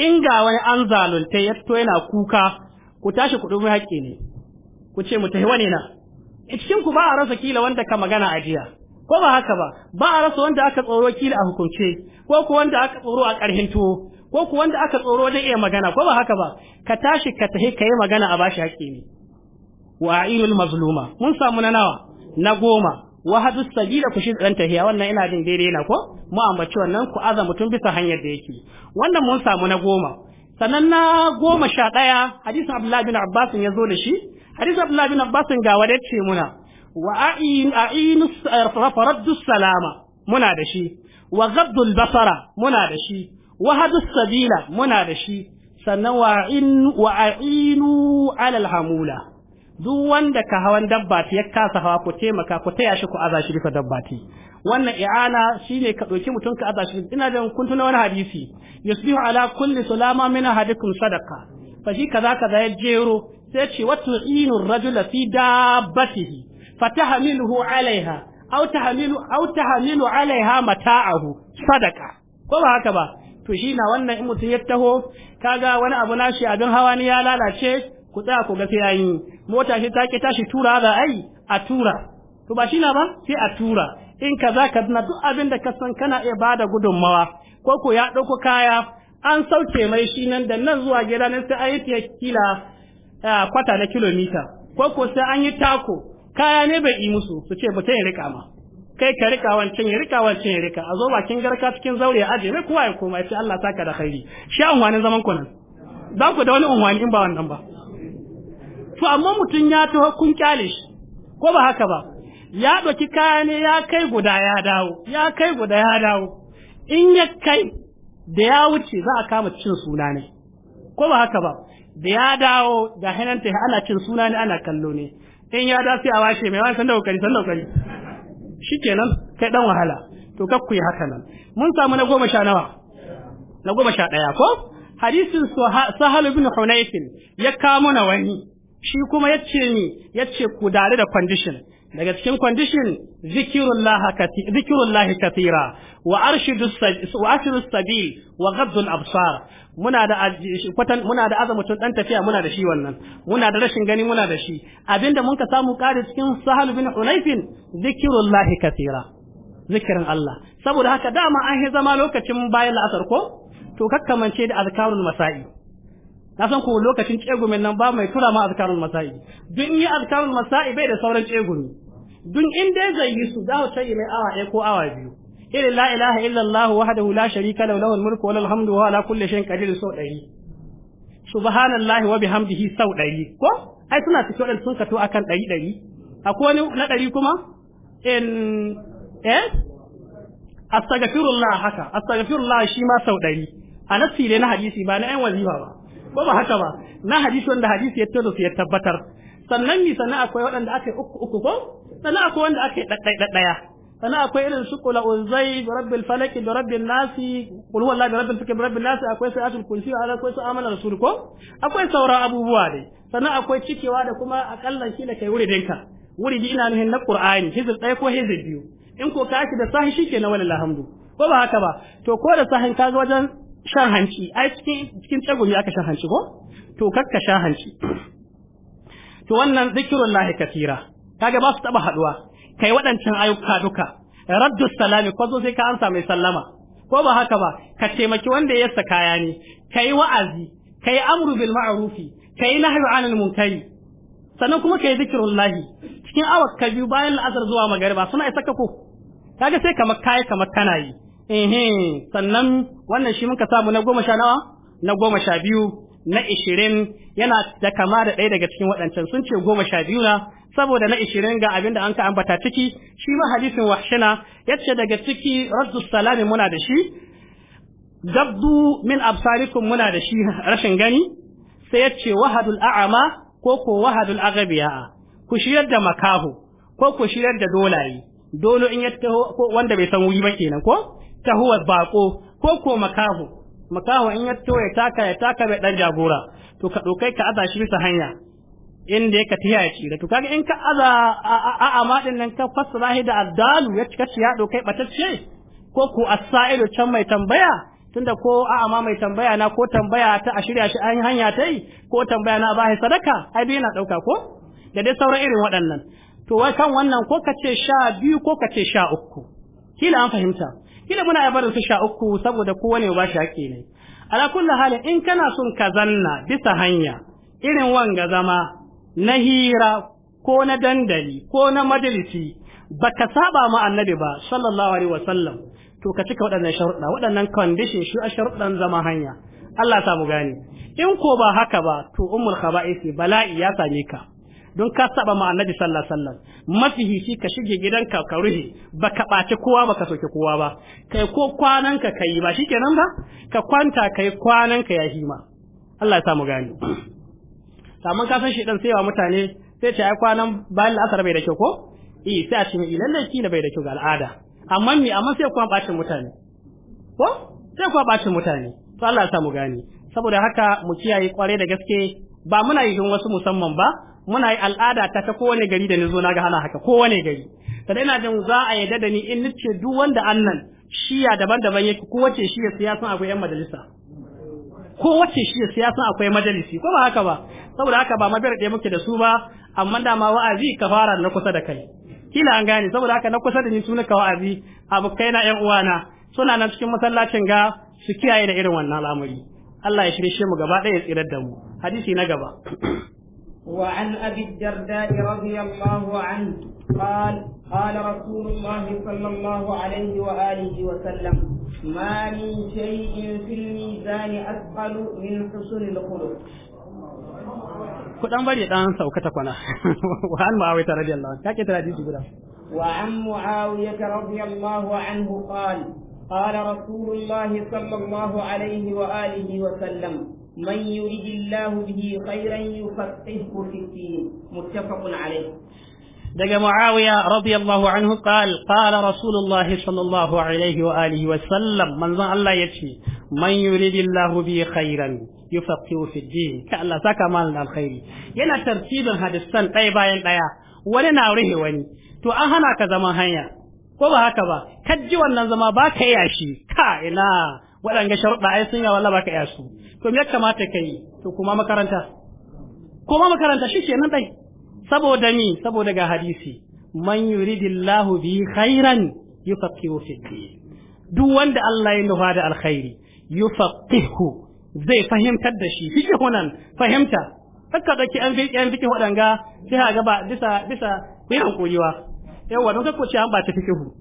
in ga wani an zalunta ya to yana kuka ku tashi ku dubi haƙƙi ne ku ce mu tafi wani na cikin ku ba a rasa kila wanda ka magana a jiya ko ba haka ba ba a rasa wanda aka tsoro kila a hukunce ko ku wanda aka tsoro a ƙarhin tuwo ko ku wanda aka tsoro wajen iya magana ko ba haka ba ka tashi ka tahi ka yi magana a bashi haƙƙi ne wa ainul mazluma mun samu na nawa na goma wa hadu sabila ku shi dan tahiya wannan ina jin daidai na ko mu ambaci wannan ku aza mutum bisa hanyar da yake wannan mun samu na goma sannan na goma sha ɗaya hadisin abdullahi bin abbas ya zo da shi hadisin abdullahi bin abbas ga wadacce muna wa a'in a'in faraddu salama muna da shi wa ghaddul basara muna da shi wa hadu sabila muna da shi sannan wa alal hamula duk wanda ka hawan dabba ta ya kasa hawa ku taimaka ko taya shi ku aza shi bisa dabba ta wannan i'ana shine ka ɗauki mutum ka aza shi ina da kun tuna wani hadisi yusbihu ala kulli sulama min ahadikum sadaqa fa shi kaza kaza ya jero sai ce watu inu rajula fi dabbatihi fatahmiluhu alaiha aw tahmilu aw tahmilu alaiha mata'ahu sadaqa ko ba haka ba to shi na wannan in mutum ya taho kaga wani abu nashi abin hawa ne ya lalace ku tsaya ku ga sai an yi mota shi take tashi tura da ai a tura to ba shi na ba sai a tura in ka za ka na duk abin da ka san kana iya bada gudunmawa ko ko ya ɗauko kaya an sauke mai shi nan da nan zuwa gida nan sai an yi fiye kila kwata na kilomita ko ko sai an yi tako kaya ne bai yi musu su ce mutum ya rika ma kai ka rika wancan ya rika wancan ya rika a zo bakin garka cikin zaure aje mai kowa ya koma ya ce Allah saka da khairi shi an wani zaman ku nan za ku da wani unwani in ba wannan ba to amma mutum ya taho kun kyale shi ko ba haka ba ya ɗauki kaya ne ya kai guda ya dawo ya kai guda ya dawo in ya kai da ya wuce za a kama cin suna ne ko ba haka ba da ya dawo da ta ana cin suna ne ana kallo ne in ya dawo sai a washe mai wani sanda kokari sanda kokari shikenan kai dan wahala to kar ku yi haka nan mun samu na goma sha nawa na goma sha ɗaya ko hadisin sahal ibn hunayfin ya kawo mana wani shi kuma yace ni yace ku dare da condition daga cikin condition zikirullah kati zikirullah katira wa arshidu sabil wa absar muna da kwatan muna da azamutun dan tafiya muna da shi wannan muna da rashin gani muna da shi abinda mun ka samu kare cikin sahal bin hunayfin zikirullah katira zikirin Allah saboda haka dama an yi zama lokacin bayan la'asar ko to kakkamance da azkarul masa'i na san ko lokacin tsegumin nan ba mai tura ma azkarul masa'i duk in yi azkarul masa'i bai da sauran tsegumi duk in dai zai yi su za ta yi mai awa ɗaya ko awa biyu irin la ilaha illallah wahdahu la sharika lahu lahul mulku wa lahul hamdu wa ala kulli shay'in qadir sau ɗari subhanallahi wa bihamdihi sau ɗari ko ai suna cikin wadanda sun akan ɗari ɗari akwai wani na ɗari kuma in eh astaghfirullah haka astaghfirullah shi ma sau ɗari a nafsi ne na hadisi ba na ƴan wazifa ba ba ba haka ba na hadisi wanda hadisi ya tada su ya tabbatar sannan ni sannan akwai waɗanda aka yi uku uku ko sannan akwai wanda aka yi ɗaɗɗaya sannan akwai irin su kula uzai bi rabbil falaki bi rabbil nasi kul huwa bi rabbil falaki bi rabbil nasi akwai su sai wa ala akwai su amana rasul ko akwai sauran abubuwa dai sannan akwai cikewa da kuma akallan shi da kai wuri dinka wuri bi ina nuhin na qur'ani hizib ɗaya ko hizib biyu in ko ka shi da sahi shi ke na wani alhamdu ko ba haka ba to ko da sahin kaga wajen shan hanci ai cikin cikin tsagumi aka shan hanci ko to kakka shan hanci to wannan zikirun lahi kaga ba su taba haduwa kai waɗancan ayyuka duka raddu salami ko sai ka ansa mai sallama ko ba haka ba ka taimaki wanda ya saka kaya ne kai wa'azi kai amru bil ma'rufi kai nahyu anil munkari sannan kuma kai zikirun cikin awa ka biyu bayan la'asar zuwa magariba suna isa ka ko kaga sai kamar kai kamar kana yi sannan wannan shi muka samu na goma sha nawa na goma sha biyu na ishirin yana da kama da ɗaya daga cikin waɗancan sun ce goma sha biyu na saboda na ishirin ga abin da an ka ambata ciki shi ma hadisin wahshina yace daga ciki rasu salami muna da shi Gabdu min absarikum muna da shi rashin gani sai yace wahadul a'ama ko ko wahadul agabiya ku shiryar da makahu ko ku shiryar da dolaye dolo in ya taho ko wanda bai san wuri ba kenan ko tahuwa bako ko ko makaho makaho in ya taho ya taka ya taka bai dan jagora to ka dokai ka aza shi bisa hanya inda ya ka tiya ya tsira to kaga in ka aza a a ma din nan ka fassara shi da addalu ya cika ya dokai batacce ko ko asailu can mai tambaya tunda ko a'a ma mai tambaya na ko tambaya ta a shirya shi an hanya ta yi ko tambaya na ba sadaka ai bai na ɗauka ko da dai sauran irin waɗannan to wai kan wannan ko ka ce sha biyu ko ka ce sha uku kila an fahimta kila muna yabar su sha uku saboda kowane ba shi ne ala kulli hali in kana son ka zanna bisa hanya irin wanga zama na hira ko na dandali ko na majalisi baka saba ma annabi ba sallallahu alaihi wasallam to ka cika waɗannan sharuɗa waɗannan condition shi a sharuɗan zama hanya Allah ya samu gani in ko ba haka ba to ummul khaba'isi bala'i ya same ka don ka saba ma annabi sallallahu alaihi wasallam mafihi shi ka shige gidanka ka ruhe baka bace kowa baka soke kowa ba kai ko kwanan ka kai ba shikenan ba ka kwanta kai kwanan ka ya hima Allah ya sa mu gani samun ka san shi dan sai wa mutane sai ta ai kwanan bayan la'asar bai da kyau ko eh sai a ce mai eh, lalle ne bai da kyau ga al'ada amma me amma sai kwan bace mutane ko sai kwan bace mutane to Allah ya sa mu gani saboda haka mu kiyaye kware da gaske ba muna yi don wasu musamman ba muna yi al'ada ta ta kowane gari da ni zo na ga hana haka kowane gari ta ina jin za a yadda da ni in nace duk wanda annan shiya daban-daban yake kowace shiya sai ya akwai yan majalisa ko shi shiya siyasan akwai majalisi ko ba haka ba saboda haka ba mabiyar ɗaya muke da su ba amma da ma wa'azi ka fara na kusa da kai kila an gane saboda haka na kusa da ni su ka wa'azi abokai na 'yan uwana suna nan cikin masallacin ga su kiyaye da irin wannan al'amari Allah ya shirye mu gaba ɗaya ya tsirar da mu hadisi na gaba وعن أبي الدرداء رضي الله عنه قال قال رسول الله صلى الله عليه وآله وسلم ما من شيء في الميزان أثقل من حسن الخلق kudan bari dan sauka ta kwana wa an muawiya radiyallahu anhu kake tara hadisi guda wa an قال رسول الله صلى الله عليه وآله وسلم من يريد الله به خيرا يفقهه في الدين متفق عليه دقى معاوية رضي الله عنه قال قال رسول الله صلى الله عليه وآله وسلم من ظن الله يتشي من يريد الله به خيرا يفقه في الدين كالله ساكا مالنا الخير ينا ترتيب هذا السن طيبا ينطيا ولنا رهواني تو أهنا كذا ما هيا ko ba haka ba kajji wannan zama ba ka iya shi ka ina waɗanga sharuɗa ai sun yawa ba ka iya su to me ya kamata ka yi to kuma makaranta kuma makaranta shi ke nan ɗai saboda ni saboda ga hadisi man yuridillahu bi khairan yufaqihu fi duk wanda Allah ya nufa da alkhairi yufaqihu zai fahimtar da shi fiqh hunan fahimta haka dake an fi an fiqh waɗanga, sai ga ba bisa bisa ku yi hankuriwa yawa don kakko ce an ba ta fikihu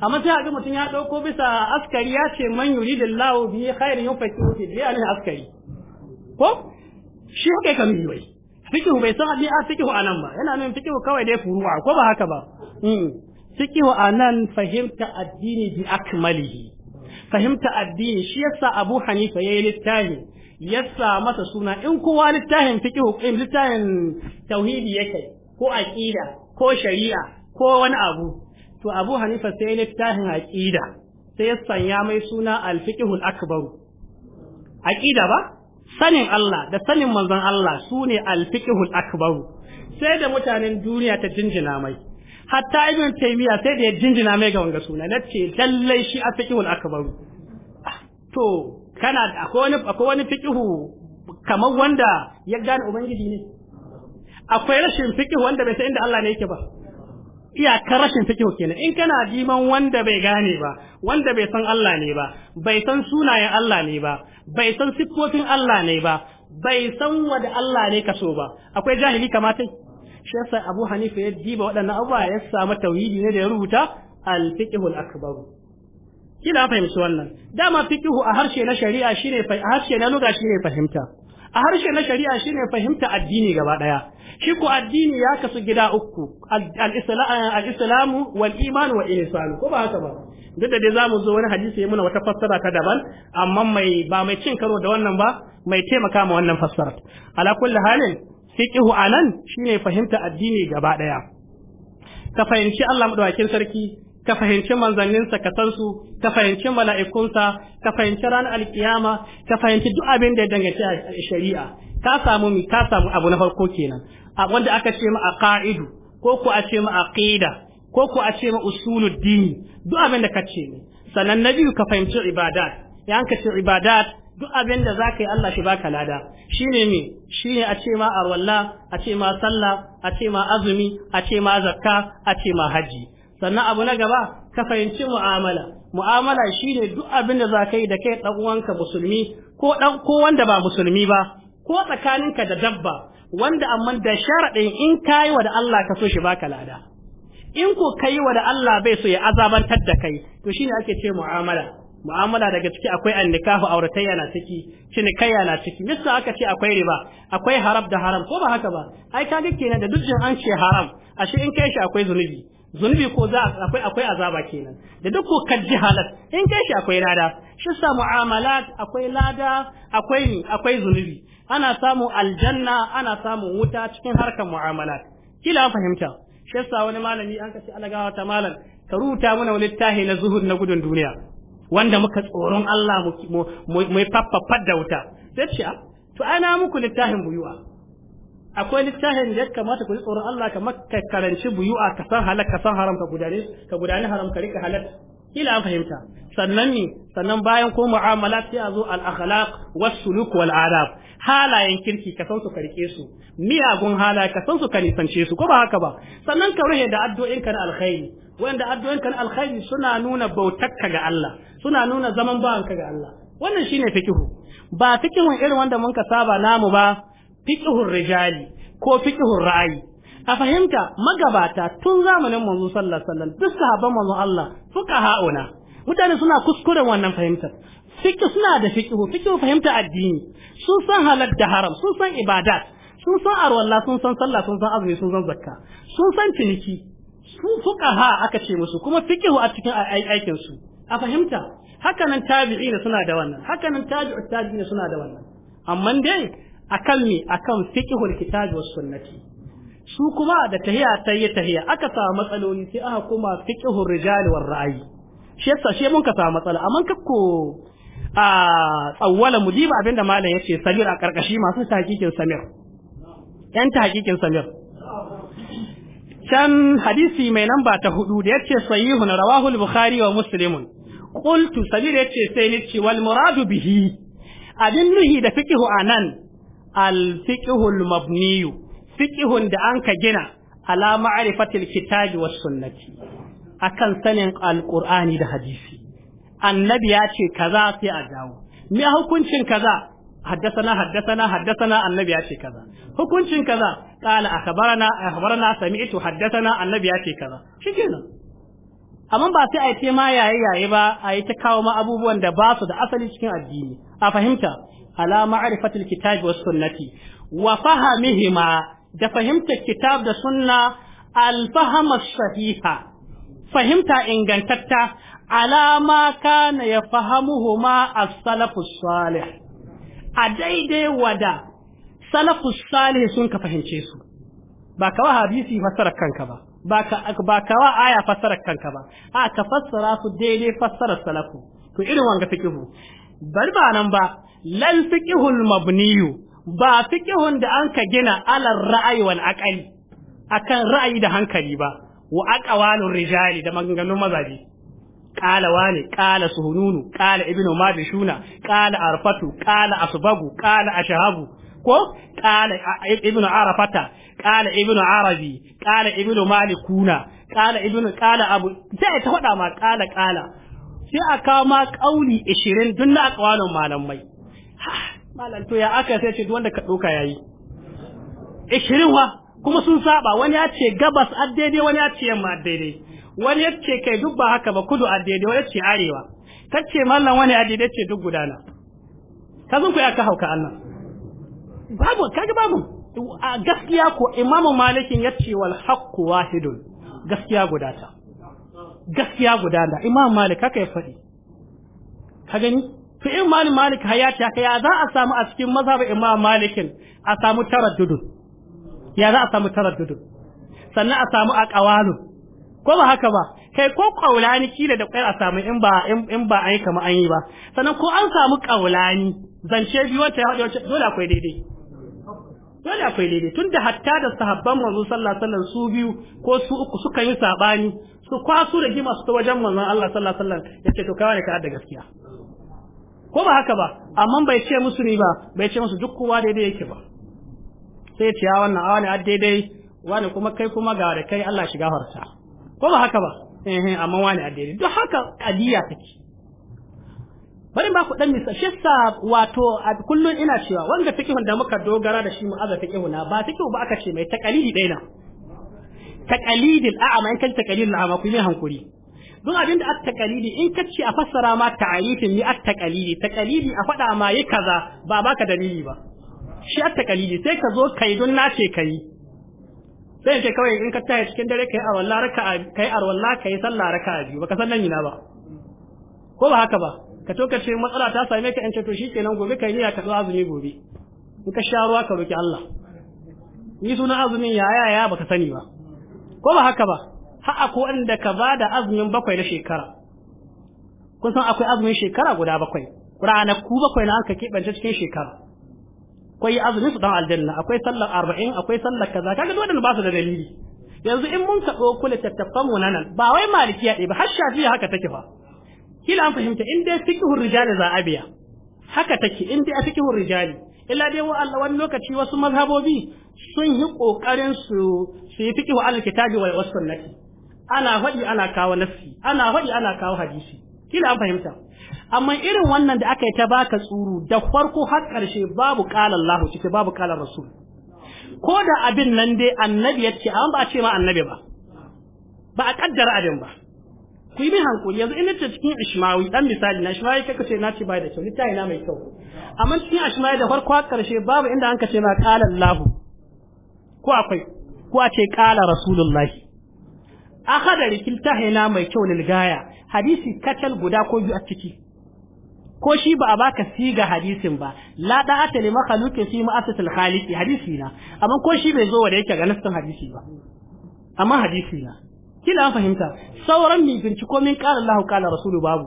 amma sai a ga mutum ya dauko bisa askari ya ce man yuridillahu bi khairin yufaqihu a nan askari ko shi kai kamar yi fikihu bai san ni a fikihu a nan ba yana nan fikihu kawai dai furuwa ko ba haka ba mm. fikihu a nan fahimta addini bi akmalihi fahimta addini shi yasa Abu Hanifa ya yi littafi ya sa masa suna in kowa littafin fikihu in eh, littafin tauhidi yake ko aqida ko shari'a ko wani abu to Abu Hanifa sai littafin aqida sai ya sanya mai suna al-fiqhul akbar aqida ba sanin Allah da sanin manzon Allah sune al-fiqhul akbar sai da mutanen duniya ta jinjina mai hatta ibn taymiya sai da ya jinjina mai ga wanga suna nace lallai shi a fiqhul akbar ah, to kana akwai wani akwai wani fiqhu kamar wanda ya gane ubangiji ne akwai rashin fiqhu wanda bai san inda Allah ne yake ba iyakar rashin fikihu kenan in kana diman wanda bai gane ba wanda bai san Allah ne ba bai san sunayen Allah ne ba bai san siffofin Allah ne ba bai san wanda Allah ne ka so ba akwai jahili kamata shi yasa Abu Hanifa ya diba waɗannan abuwa ya samu tauhidi ne da ya rubuta al-fiqhul akbar kina fahimci wannan dama fiqhu a harshe na shari'a shine a harshe na lugha shine fahimta a harshe na shari'a shine fahimta addini gaba daya shi ko addini ya kasu gida uku al-islamu wal iman wa ihsan ko ba haka ba duk da dai zamu zo wani hadisi ya muna wata fassara ta daban amma mai ba mai cin karo da wannan ba mai taimaka ma wannan fassara ala kulli halin fiqhu anan shine fahimta addini gaba daya ka fahimci Allah madawakin sarki ka fahimci manzanninsa ka san su ka fahimci mala'ikunsa ka fahimci ranar alkiyama ka fahimci duk abin da ya dangace a shari'a ka samu mi ka samu abu na farko kenan a wanda aka ce ma aqaidu ko ku a ce ma aqida ko ku a ce ma usuluddin duk abin da ka ce ne sannan na biyu ka fahimci ibadat ya ka ce ibadat duk abin da za ka yi Allah shi baka lada shi ne me shi a ce ma arwalla a ce ma sallah a ce ma azumi a ce ma zakka a ce ma hajji sannan abu na gaba ka fahimci mu'amala mu'amala shine duk abin da za ka yi da kai ɗan uwanka musulmi ko dan ko wanda ba musulmi ba ko tsakaninka da dabba wanda amma da sharadin in kai wa da Allah ka so shi baka lada in ko kai wa da Allah bai so ya azabantar da kai to shi shine ake ce mu'amala mu'amala daga ciki akwai annikahu auratayya na ciki cinikayya na ciki misa aka ce akwai riba akwai harab da haram ko ba haka ba ai kaga kenan da dukkan an ce haram ashe in kai shi akwai zunubi zunubi ko za akwai akwai azaba kenan da duk ko kaji halat in kai shi akwai lada shi sa mu'amalat akwai lada akwai ni akwai zunubi ana samu aljanna ana samu wuta cikin harkar mu'amalat kila fahimta shi sa wani malami an kace alagawa ta malam ka rubuta mana wani na zuhud na gudun duniya wanda muka tsoron Allah mu mu da wuta sai ce ah, to ana muku littahin buyuwa akwai littafin da ya kamata ku ji tsoron Allah kamar ka karanci buyu'a ka san halal ka san haram ka gudane ka gudane haram ka rika halal an fahimta sannan ne sannan bayan ko mu'amala sai a zo al akhlaq was suluk wal adab halayen kirki ka san su ka rike su miyagun halaye ka san su ka nisance su ko ba haka ba sannan ka da addu'in ka na alkhairi wanda addu'in ka na alkhairi suna nuna bautakka ga Allah suna nuna zaman bawanka ga Allah wannan shine fikihu ba fikihun irin wanda mun ka saba namu ba fiqhur rijali ko fiqhur ra'ayi a fahimta magabata tun zamanin manzo sallallahu alaihi wasallam duk sahabban manzo Allah fuka hauna mutane suna kuskuren wannan fahimtar fiqh suna da fiqh fiqh fahimta addini sun san halal da haram sun san ibadat sun san arwalla sun san sallah sun san azumi sun san zakka sun san ciniki su fuqaha aka ce musu kuma fiqh a cikin aikin su a fahimta hakanan tabi'ina suna da wannan hakanan tabi'ut tabi'ina suna da wannan amma dai akan akan fiƙihun kitabi was sunnati su kuma da tahiya tayi tahiya aka samu matsaloli sai aka kuma fiqhul rijali war ra'ayi shi yasa shi mun ka samu matsala amma ko a tsawwala mu diba abinda malam yace samir a karkashi masu hakikin samir yan ta hakikin samir can hadisi mai namba ta hudu da yace sahihun rawahu al-bukhari wa muslimun qultu samir yace sai ni ci wal muradu bihi abin nuhi da fiqhu anan al-fiqhul mabniyu fiqhun da an ka gina ala ma'rifatil kitabi was sunnati akan sanin alqur'ani da hadisi annabi ya ce kaza sai a dawo me hukuncin kaza haddathana annabi ya ce kaza hukuncin kaza qala akhbarana akhbarana sami'tu haddathana annabi ya ce kaza shikenan amma ba sai a ce ma yaye yaye ba a yi ta kawo ma abubuwan da ba su da asali cikin addini a fahimta ala ma'rifatil kitabi was sunnati wa fahamihima da fahimtar kitab da sunna al fahama sahiha fahimta ingantatta ala ma kana yafahamuhuma as-salafus salih a daidai wada salafus salih sun ka fahimce su ba kawa hadisi fassara kanka ba ba kawa aya fassara kanka ba a ka fassara su daidai fassarar salafu to irin wanga fikihu bari ba nan ba lal fiqhul mabniyu ba fiqhun da an ka gina ala ra'ayi wal aqli akan ra'ayi da hankali ba wa aqwalur rijali da maganganun mazaji qala wani qala suhununu qala ibnu mabishuna qala arfatu qala asbagu qala ashahabu ko qala ibnu arafata qala ibnu arabi qala ibnu malikuna qala ibnu qala abu sai ta faɗa ma qala qala sai aka ma kauli 20 dunna na malamai malam to ya aka sai ce duk wanda ka ɗauka yayi ishirin wa kuma sun saba wani ya ce gabas a daidai wani ya ce yamma a daidai wani ya ce kai duk ba haka ba kudu a daidai wani ya ce arewa ka ce mallan wani a daidai ce duk gudana ka zan ku ya ka hauka Allah babu kaga babu a gaskiya ko imamu malikin ya ce wal haqqu wahidun gaskiya gudata gaskiya gudana imam malik haka ya faɗi ka gani fi imani malik hayati haka ya za a samu a cikin mazhab imam malikin a samu taraddudu ya za a samu taraddudu sannan a samu aqwalu ko ba haka ba kai ko kaulani kila da kai a samu in ba in ba ai kamar an yi ba sannan ko an samu kaulani zance biyu wata ya hada dole akwai daidai dole akwai daidai tunda hatta da sahabban manzo sallallahu alaihi wasallam su biyu ko su uku suka yi sabani su kwasu da gima su ta wajen manzon Allah sallallahu alaihi wasallam yace to kawai ka da gaskiya ko ba haka ba amma bai ce musu ni ba bai ce musu duk kowa daidai yake ba sai ce ya wannan a wani daidai wani kuma kai kuma ga da kai Allah shiga harta ko ba haka ba eh amma wani a daidai duk haka kadiya take bari ba ku dan misali shi sa wato a kullun ina cewa wanda fikihun da muka dogara da shi mu aza take huna, ba take ba aka ce mai taqalidi daina takalidi a'ama in kan takalidi a'ama ku yi hankuri duk abin da at-taqalidi in kace a fassara ma ta'arifin ni at-taqalidi taqalidi a fada ma yi kaza ba baka dalili ba shi at-taqalidi sai ka zo yi don nace kai sai ce kawai in ka tashi cikin dare kai a wallahi ka kai a wallahi kai sallah raka'a biyu baka san nan ina ba ko ba haka ba ka to ka ce matsala ta same ka in ce to shikenan gobe kai niyya ka zo azumi gobe in ka sha ruwa ka roki Allah ni suna azumin yaya ya baka sani ba ko ba haka ba ha akwai wanda ka ba da azumin bakwai na shekara kun san akwai azumin shekara guda bakwai ranaku bakwai na aka keɓance cikin shekara akwai azumin su dan aljanna akwai sallar arba'in akwai sallar kaza kaga duk waɗanda ba su da dalili yanzu in mun kaɗo kula tattafan mu nan ba wai malikiya ɗaya ba har shafiya haka take ba. kila an fahimta in dai fiqhur rijali za a biya haka take in dai a fiqhur rijali illa dai Allah wani lokaci wasu mazhabobi sun yi kokarin su su yi fiqhu al-kitabi wal sunnati ana faɗi ana kawo nassi ana faɗi ana kawo hadisi kila an fahimta amma irin wannan da aka yi ta baka tsuru da farko har ƙarshe babu ƙalan Allah cike babu ƙalan Rasul ko da abin nan dai annabi ya ce amma ba ce ma annabi ba ba a kaddara abin ba ku yi min hankuri yanzu ina ce cikin Ishmawi dan misali na Ishmawi kake ce na ce bai da kyau littafi na mai kyau amma cikin Ishmawi da farko har ƙarshe babu inda an ka ce ma ƙalan Allah ko akwai ko a ce ƙala Rasulullahi A akhadha rikiltahina mai kyau na hadisi kacal guda ko biyu a ciki ko shi ba a baka siga hadisin ba la da ata li makhluqi fi ma'asatil khaliqi hadisi na amma ko shi bai zo wanda yake ga nassin hadisi ba amma hadisi na kila an fahimta sauran mi binciko min qala Allahu qala rasulu babu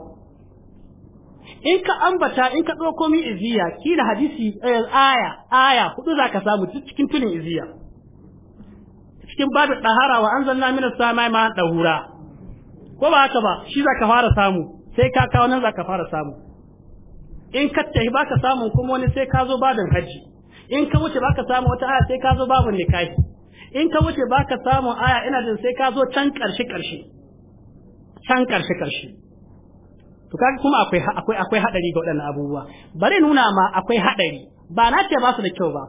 in ka ambata in ka dauko min iziya kila hadisi eh, aya aya hudu zaka samu cikin tunin iziya cikin da ɗahara wa zanna mina samai ma hura. ko ba haka ba shi za ka fara samu sai ka kawo nan za ka fara samu in ka tafi ka samu kuma wani sai ka zo ba da haji in ka wuce baka samu wata aya sai ka zo babu nikahi in ka wuce baka samu aya ina jin sai ka zo can karshe karshe can karshe karshe to kaga kuma akwai akwai akwai ga waɗannan abubuwa bari nuna ma akwai haɗari. ba na ce ba su da kyau ba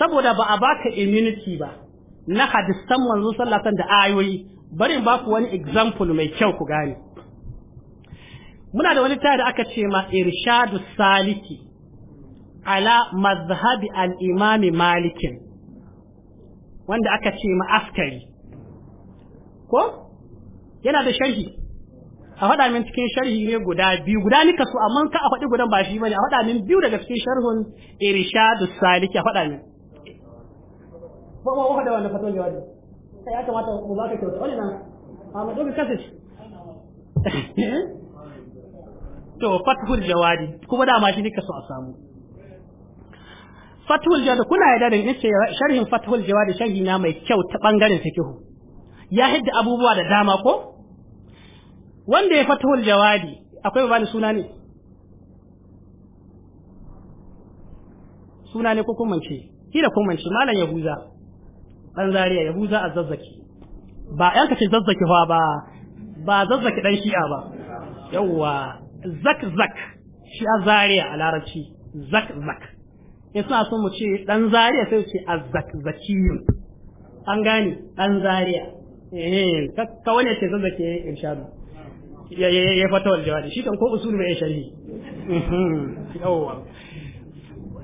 saboda ba a baka immunity ba na hadisan manzo sallallahu da ayoyi bari in ku wani example mai kyau ku gane muna da wani tare da aka ce ma irshadu saliki ala mazhabi al malikin wanda aka ce ma askari ko yana da sharhi a faɗa min cikin sharhi ne guda biyu guda ni kaso, amma ka a faɗi gudan ba shi bane a faɗa min biyu daga cikin sharhun irshadu saliki a faɗa min ba kuma waka da wannan fatoyi wani sai ya kamata mu ba ka kyauta wani nan. a mai dogon kasance to fathul jawadi kuma dama shi nika so a samu fathul jawadi kuna yarda da nace sharhin fathul jawadi sharhi na mai kyau ta bangaren fikihu ya hidda abubuwa da dama ko wanda ya fathul jawadi akwai ba ni suna ne suna ne ko kun mance kila kun mance malam yahuza Ɗan zariya yahuza a zazzaki ba yan kace zazzaki fa ba ba zazzaki ɗan shi'a ba Yawwa zak zak shi a zariya a larabci zak zak sa so mu ce dan zariya sai ce a azzak zakiyun an gane dan zariya eh ka wani ce zazzaki ya yi ya ya ya fata wal jawadi shi kan ko usul mai sharhi (laughs) Yawwa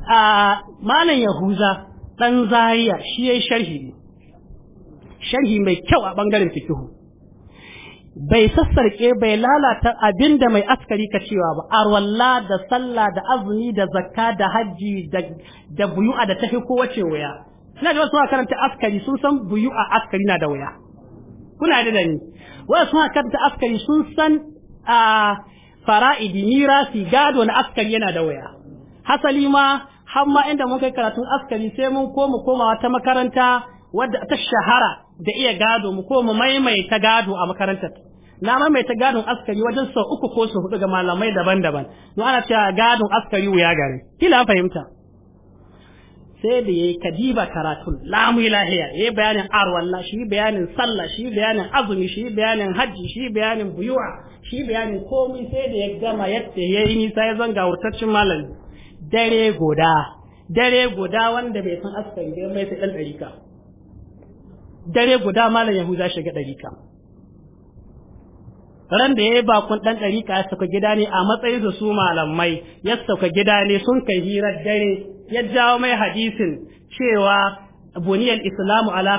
a ah, malam yahuza dan zariya shi yayi sharhi ne sharhi mai kyau a bangaren fikihu bai sassarke bai lalata abin da mai askari ka cewa ba arwalla da sallah da azumi da zakka da hajji da buyu'a da tafi kowace waya ina da wasu karanta askari sun san buyu'a askari na da waya kuna da dani wasu karanta askari sun san a fara'idi mirasi gado na askari yana da waya hasali ma har ma inda mun kai karatun askari sai mun koma komawa ta makaranta wadda ta shahara da iya gado mu ko mu maimaita gado a makarantar na maimaita gadon askari wajen sau uku ko sau hudu ga malamai daban-daban mu ana cewa gadon askari wuya gare kila fahimta sai da yayi kadiba karatun lamu lahiya yayi bayanin arwalla shi bayanin sallah shi bayanin azumi shi bayanin hajji shi bayanin buyu'a shi bayanin komai sai da ya gama yadda yayi nisa ya zanga wurtaccen malami dare goda dare guda wanda bai san askari bai mai sai dan dariƙa dare guda malam yahuza shiga ɗarika ran da ya yi bakun ɗan ɗarika ya sauka gida ne a matsayin da su malamai ya sauka gida ne sun kai hirar dare ya jawo mai hadisin cewa buniyar islamu ala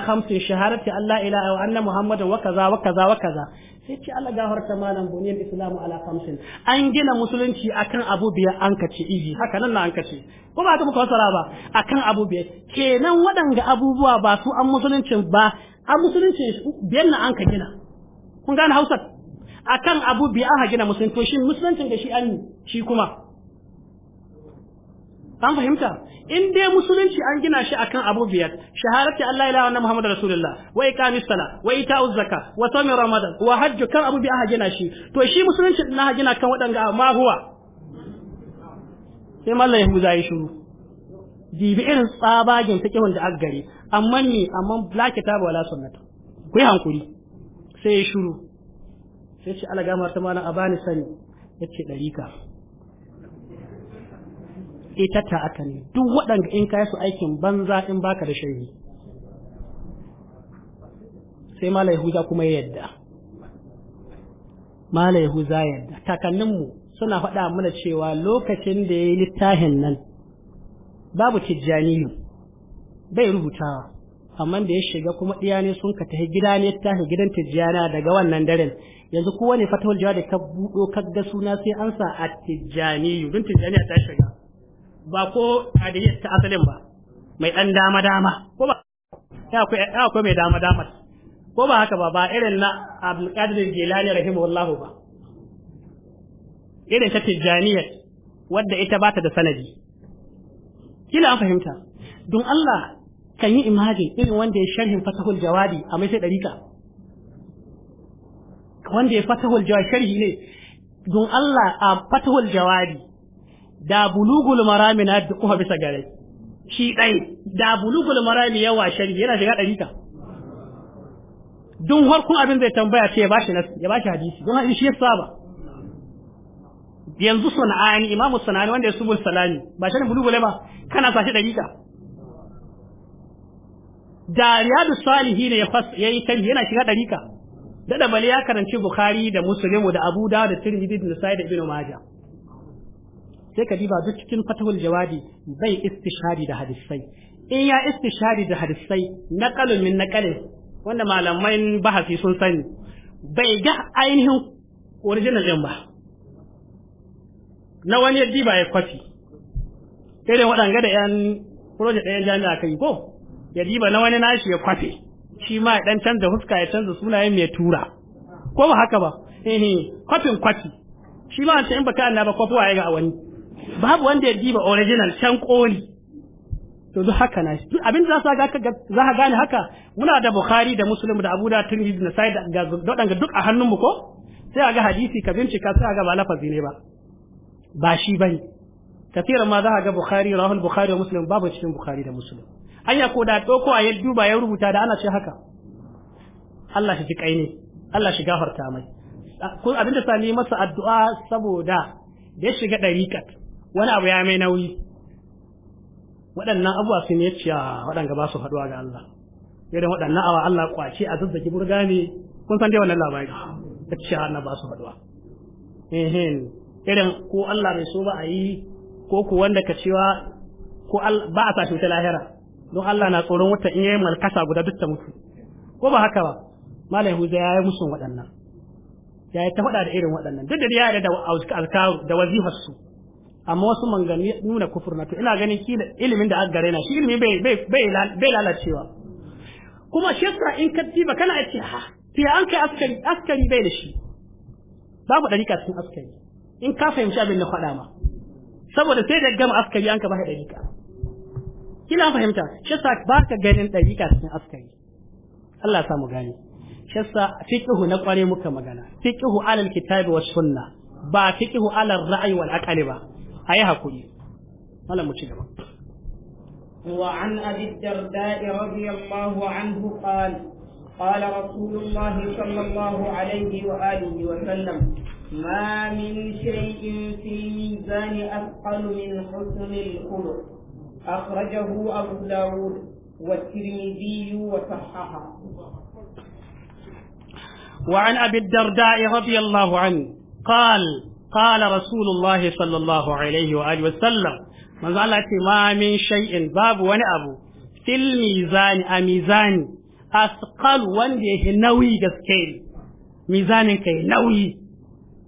shaharar ta allah ila wa anna muhammadin wa kaza wa kaza wa kaza sai ce Allah gafarta malam buniyar islamu ala kamsin an gina musulunci akan abu biyar an kace iji haka nan na an kace ko ba ta muka wasara ba akan abu biyar kenan waɗanga abubuwa ba su an musuluncin ba an musuluncin biyan na an ka gina kun gane hausar akan abu biyar an gina musulunci to shi musuluncin da shi an shi kuma an fahimta in dai musulunci an gina shi akan abu biyar shahadati Allah ilaha anna muhammadu rasulullah wa iqami sala wa ita'uz zakka wa sami ramadan wa hajj kan abu biyar gina shi to shi musulunci na gina kan wadanga ma huwa sai mallan ya ya shuru, dibi irin tsabagen ta kihun da aggari amma ni amma la kitaba wala sunnah ku yi hankuri sai ya shuru. sai ce alagamar ta malam abani sani yace ka. ita eh, ta ne duk waɗanda in kayi su aikin banza in baka da shari'i sai mala yahuza kuma ya yadda mala yahuza ya yadda takanninmu suna faɗa mana cewa lokacin da ya yi littafin nan babu tijjaniyu bai rubutawa amma da ya shiga kuma ɗiya ne sun ka tafi gida ne tashi gidan tijjana daga wannan daren yanzu kowane fatawar jawa da ka buɗo ka ga suna sai an sa a tijjani don tijjani ta shiga ba ko da ta asalin ba mai dan dama dama ko ba ya akwai mai dama dama ko ba haka ba ba irin na Abdul Qadir Jilani rahimahullahu ba irin ta Tijaniyat wadda ita ba ta da sanadi kila an fahimta don Allah kan yi imajin irin wanda ya sharhin fatahul jawadi a mai sai dariƙa wanda ya fatahul jawadi sharhi ne don Allah a fatahul jawadi da bulugul marami na duk kuma bisa gare shi ɗai. da bulugul marami yawa shari yana shiga dariƙa dun harkun abin zai tambaya ce ya bashi shi ya bashi hadisi don hadisi shi ya saba yanzu sana'ani, imamu sana'ani, wanda ya subul salami ba shi ne bulugul ba kana sa shi dariƙa da riyadu ne ya yi tarihi yana shiga dariƙa da da bali ya karanci bukhari da muslimu da abu da da tirmidhi da sa'id da ibn majah sai ka diba duk cikin fatahul jawadi bai istishari da hadisai in ya istishari da hadisai naqalun min naqalin wanda malaman bahasi sun sani bai ga ainihin original din ba na wani ya diba ya kwafi irin waɗanga da yan project ɗayan jami'a kai ko ya diba na wani nashi ya kwafi shi ma ya ɗan canza huska ya canza sunayen mai tura ko ba haka ba kwafin kwafi shi ma in baka Allah ba kwafuwa ya ga wani babu wanda ya diba original can koli to duk haka na shi. abin da za ka za ka gane haka muna da bukhari da muslim da abu da tirmidhi da sai da waɗanda duk a hannunmu ko sai ga hadisi ka bincika sai ga ba lafazi ne ba ba shi bane kafiran ma za ga bukhari rahul bukhari da muslim babu cikin bukhari da muslim anya ko da ɗauko a yi duba ya rubuta da ana ce haka Allah shi kai ne Allah shi gafarta mai ko abinda sani masa addu'a saboda da ya shiga dariƙat wani abu ya mai nauyi waɗannan abuwa sun ya ciya waɗanga ba su faɗuwa ga Allah irin waɗannan awa Allah kwace a zazzaki burga ne kun san dai wannan labari ta ce na ba su faɗuwa irin ko Allah bai so ba a yi ko ku wanda ka cewa ko ba a tashi wuta lahira don Allah na tsoron wata in yayi malkasa guda duk ta mutu ko ba haka ba malam huza ya yi musu waɗannan ya yi ta faɗa da irin waɗannan duk da ya da azkaru da wazifar su amma wasu mangani nuna kufur na to ina ganin kila ilimin da aka gare na shi ilimi bai bai lalacewa kuma shekara in ka diba kana ce ha sai an kai askari askari bai da shi babu dariƙa cikin askari in ka fahimci abin da faɗa ma saboda sai da gama askari an ka ba dariƙa kila fahimta shekara ba ka ganin dariƙa cikin askari Allah ya samu gane shekara fiqhu na kware muka magana fiqhu alal kitabi was sunna ba fiqhu alal ra'ayi wal aqli ba ايها yi هلا malam وعن أبي الدرداء رضي الله عنه قال قال رسول الله صلى الله عليه وآله وسلم ما من شيء في الميزان أثقل من حسن الخلق أخرجه أبو داود والترمذي وصححه وعن أبي الدرداء رضي الله عنه قال قال رسول الله صلى الله عليه وآله وسلم من قال ما من شيء باب وانا أبو في الميزان أميزان أثقل وانده نوي جسكيل ميزان كي نوي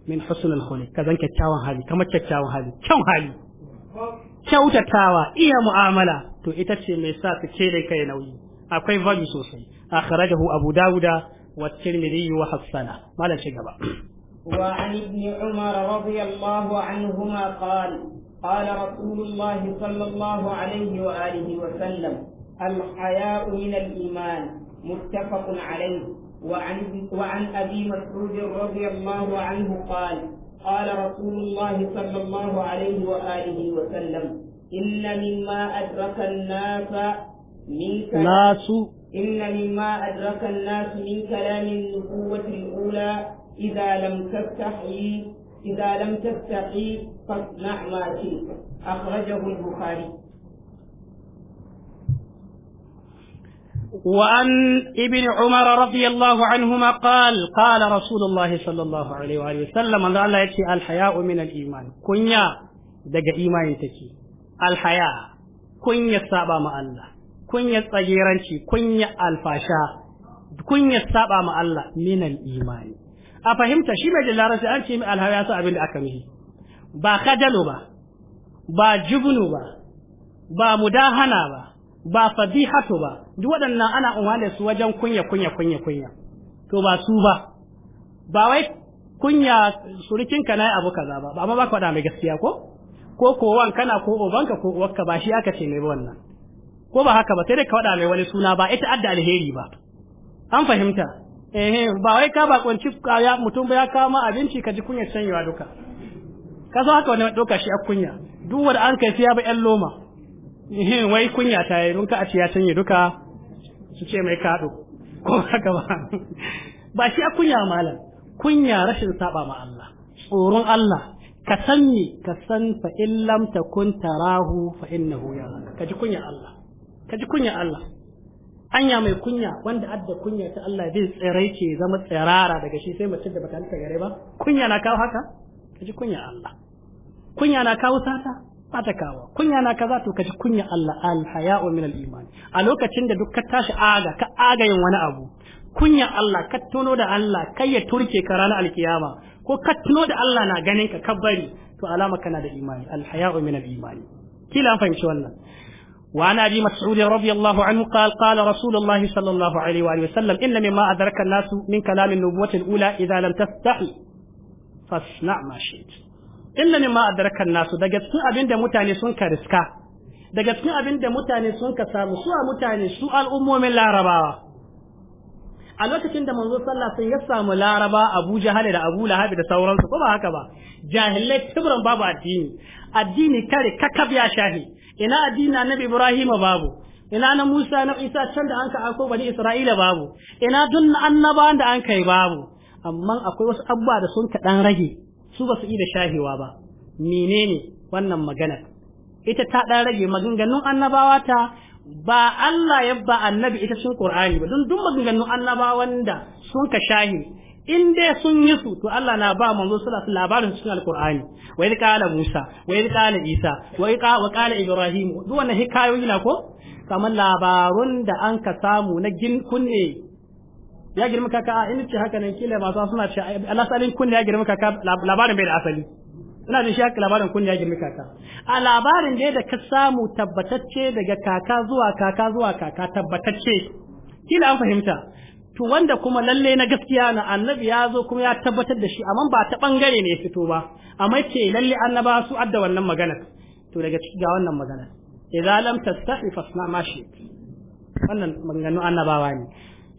من حسن الخلق كذا كتاوان هذه كما كتاوان هذه كم هذه kyautatawa iya mu'amala to ita ce mai sa ka cire kai nauyi akwai value sosai akhrajahu abu dawuda wa tirmidhi wa hasana malam shi gaba وعن ابن عمر رضي الله عنهما قال قال رسول الله صلى الله عليه وآله وسلم الحياء من الإيمان متفق عليه وعن, وعن أبي مسعود رضي الله عنه قال قال رسول الله صلى الله عليه وآله وسلم إن مما أدرك الناس من كلام إن مما أدرك الناس من كلام النبوة الأولى إذا لم تستحي إذا لم تستحي فاصنع ما شئت أخرجه البخاري وعن ابن عمر رضي الله عنهما قال قال رسول الله صلى الله عليه وآله وسلم أن الله يأتي الحياء من الإيمان كنيا دق إيمان تكي الحياء كنيا سابا مع الله كنيا تغيرانشي كنيا الفاشا كنيا سابا مع الله من الإيمان a fahimta shi mai sai an ce mai alhawa ya san abin da aka mihi ba kadalo ba ba ba ba mudahana ba ba hato ba duk waɗannan ana umarne su wajen kunya kunya kunya kunya to ba su ba ba wai kunya surikin ka na abu kaza ba amma ba ka faɗa mai gaskiya ko ko kowan kana ko ubanka ko uwarka ba shi aka ce mai wannan ko ba haka ba sai dai ka faɗa mai wani suna ba ita adda alheri ba an fahimta eh ba wai ka ba kwanci ya mutum ba ya kama abinci ka ji kunya canyewa duka ka san haka wani doka shi a kunya duk wanda an kai sai ya bi yan loma eh wai kunya ta yi ka a ce ya canye duka su ce mai kado ko haka ba ba shi a kunya malam kunya rashin saba ma Allah tsoron Allah ka sanni ka san fa in takun tarahu fa innahu ya ka ji kunya Allah ka ji kunya Allah anya mai kunya wanda adda kunya ta Allah zai tsirai ke zama tsirara daga shi sai mutum da baka halitta gare ba kunya na kawo haka kaji kunya Allah kunya na kawo sata ba ta kawo kunya na kaza to kaji kunya Allah al haya'u min al iman a lokacin da duk ka tashi aga ka aga yin wani abu kunya Allah ka tuno da Allah kai ya turke ka ranar alkiyama ko ka tuno da Allah na ganin ka ka bari to alama kana da imani al haya'u min al imani kila fahimci wannan وعن ابي مسعود رضي الله عنه قال قال رسول الله صلى الله عليه واله وسلم ان مما ادرك الناس من كلام النبوه الاولى اذا لم تستحي فاصنع ما شئت ان مما ادرك الناس daga cikin abin mutane sun ka riska daga cikin abin mutane sun ka samu su a mutane su al'ummomin larabawa a lokacin da manzo sallah sun ya samu laraba abu jahal da abu lahab da sauransu ko ba haka ba jahilai tibran babu addini addini kare kakab ya shahi ina addinin annabi Ibrahim babu ina na Musa na Isa can da an ka ako bani Isra'ila babu ina dun annabawan da an kai babu amma akwai wasu abubuwa da sun kaɗan rage su ba su yi da shahewa ba menene wannan maganar ita ta ɗan rage maganganun annabawa ta ba Allah ya ba annabi ita sun Qur'ani ba dun dun maganganun annabawan da sun ka shahi in dai sun yi su to Allah na ba manzo sallallahu alaihi labarin cikin alqur'ani wa idh kala musa wa idh kala isa wa idh wa kala ibrahim duk wannan hikayoyi na ko kamar labarun da an ka samu na gin kunne ya girma kaka in ce haka nan kila sa suna ce Allah salin kunne ya girma kaka labarin bai da asali ina jin shi haka labarin kunne ya girma kaka a labarin dai da ka samu tabbatacce daga kaka zuwa kaka zuwa kaka tabbatacce kila an fahimta to wanda kuma lalle na gaskiya na annabi ya zo kuma ya tabbatar da shi amma ba ta bangare ne ya fito ba amma ce lalle annaba su adda wannan magana to daga ciki ga wannan magana idza lam tastahi fasna ma shi wannan maganganu annabawa ne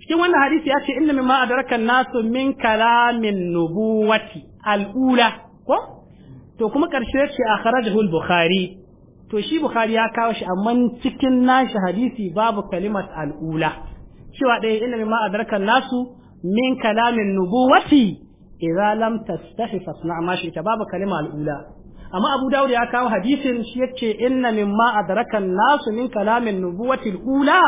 cikin wannan hadisi ya ce inna mimma adraka nasu min kalamin nubuwati al'ula ko to kuma karshe ya ce akhrajahu al-bukhari to shi bukhari ya kawo shi amma cikin nashi hadisi babu kalimat al'ula cewa ɗaya inna mimma adraka nasu min kalamin nubuwati idza lam tastahi fasna ma shi ta babu kalima al'ula amma Abu Dawud ya kawo hadisin shi yace inna mimma adraka nasu min kalamin nubuwati al'ula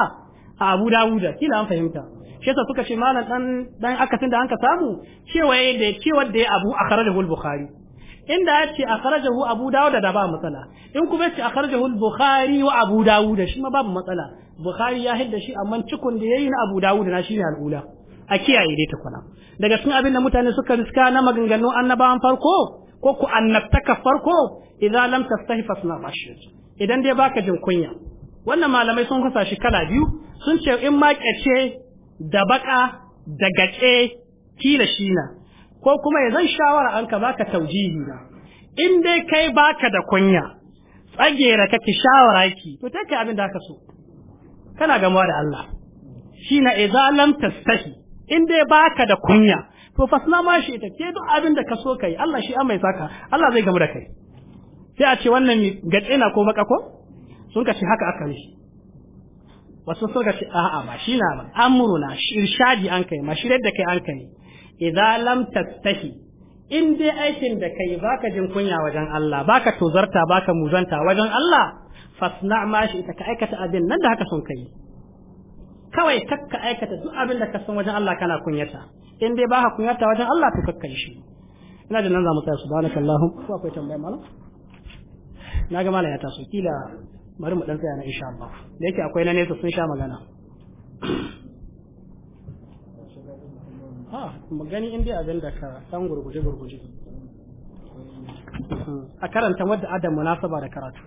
a Abu Dawud kila an fahimta shi yasa suka ce malam dan dan akasin da an ka samu cewa da cewa da Abu akhrajahu al-Bukhari inda ya ce akhrajahu abu dawud da ba matsala in kuma ya ce akhrajahu bukhari wa abu dawud shi ma babu matsala bukhari ya hidda shi amma cikun da yi na abu dawud na shine al'ula a kiyaye dai ta kwana daga cikin abin da mutane suka riska na maganganun annabawan farko ko ku annabtaka farko idan lam tastahi fasna bashir idan dai baka jin kunya wannan malamai sun kusa shi kala biyu sun ce in ma kace da baka da gace kila na. ko kuma ya zan shawara an ka baka taujihi na in dai kai baka da kunya tsagera kake shawara ki to take abin da aka so kana gamuwa da Allah shi na idza lam tastahi in dai baka da kunya to fasna ma shi ita ke duk abin da ka so kai Allah shi ya mai saka Allah zai gamu da kai sai a ce wannan gatse na ko baka ko sun ka shi haka aka yi wasu sun ka shi a'a ba shi na ba amruna irshadi an kai ma shirar da kai an kai idza lam tastahi in dai aikin da kai baka jin kunya wajen Allah baka tozarta baka muzanta wajen Allah fasna ma shi ka aikata abin nan da haka son kai kawai kakka aikata duk abin da ka san wajen Allah kana kunyata in dai baka kunyata wajen Allah to kakka shi ina da nan za mu tsaya subhanakallahu ko akwai tambaya malam na ga malam ya taso kila bari mu dan tsaya na insha Allah da yake akwai na nesa sun sha magana ha magani inda abin da ka san gurguje gurguje a karanta wadda adam munasaba da karatu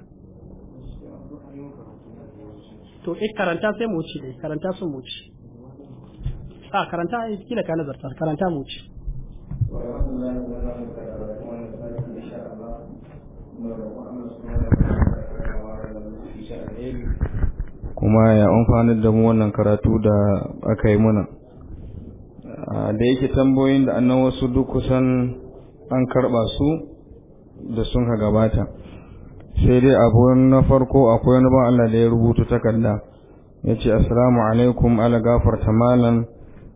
to ik eh, karanta sai mu ci dai karanta sun mu a karanta ai eh, kila ka nazarta karanta mu ci. kuma ya amfani da mu wannan karatu da aka yi mana da yake tambayoyin da annan wasu duk kusan an karɓa su da sun ka gabata sai dai abu na farko akwai wani ba Allah da ya rubuta takarda ya ce assalamu alaikum ala gafarta malam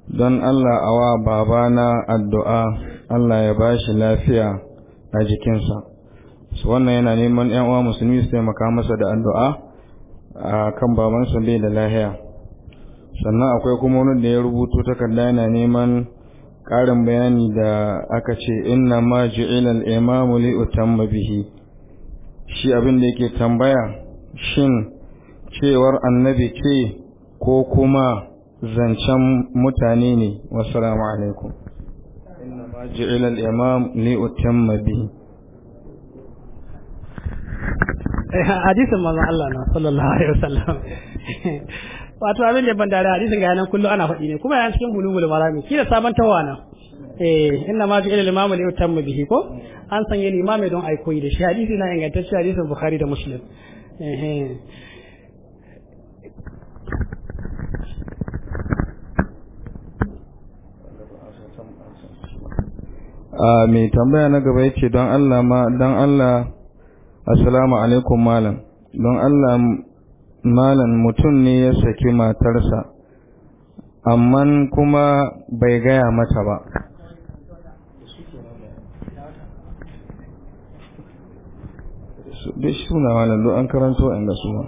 don Allah awa babana addu'a Allah ya ba shi lafiya a jikinsa su wannan yana neman uwa musulmi su taimaka masa da addu'a a kan babansa bai da lahiya sannan akwai kuma wani da ya rubuto takarda yana neman ƙarin bayani da aka ce inna ma ju'ila al-imamu li utamma bihi shi abin da yake tambaya shin cewar annabi ce ko kuma zancen mutane ne wassalamu alaikum inna ma ju'ila al-imam li utamma bihi eh, hadisin manzon Allah na sallallahu alaihi wasallam (laughs) wato abin da ban dare hadisin ga yanan kullu ana faɗi ne kuma yana cikin bulubul marami da saban tawana eh inna ma fi'il imam li yutamma bihi ko an sanya imam don ai koyi da shi hadisi na ingantacce hadisin bukhari da muslim eh, eh a mai tambaya na gaba yace don Allah ma don Allah assalamu alaikum malam don Allah Malam mutum ne ya saki matarsa amma kuma bai gaya mata ba duk suna malam an karanto inda suna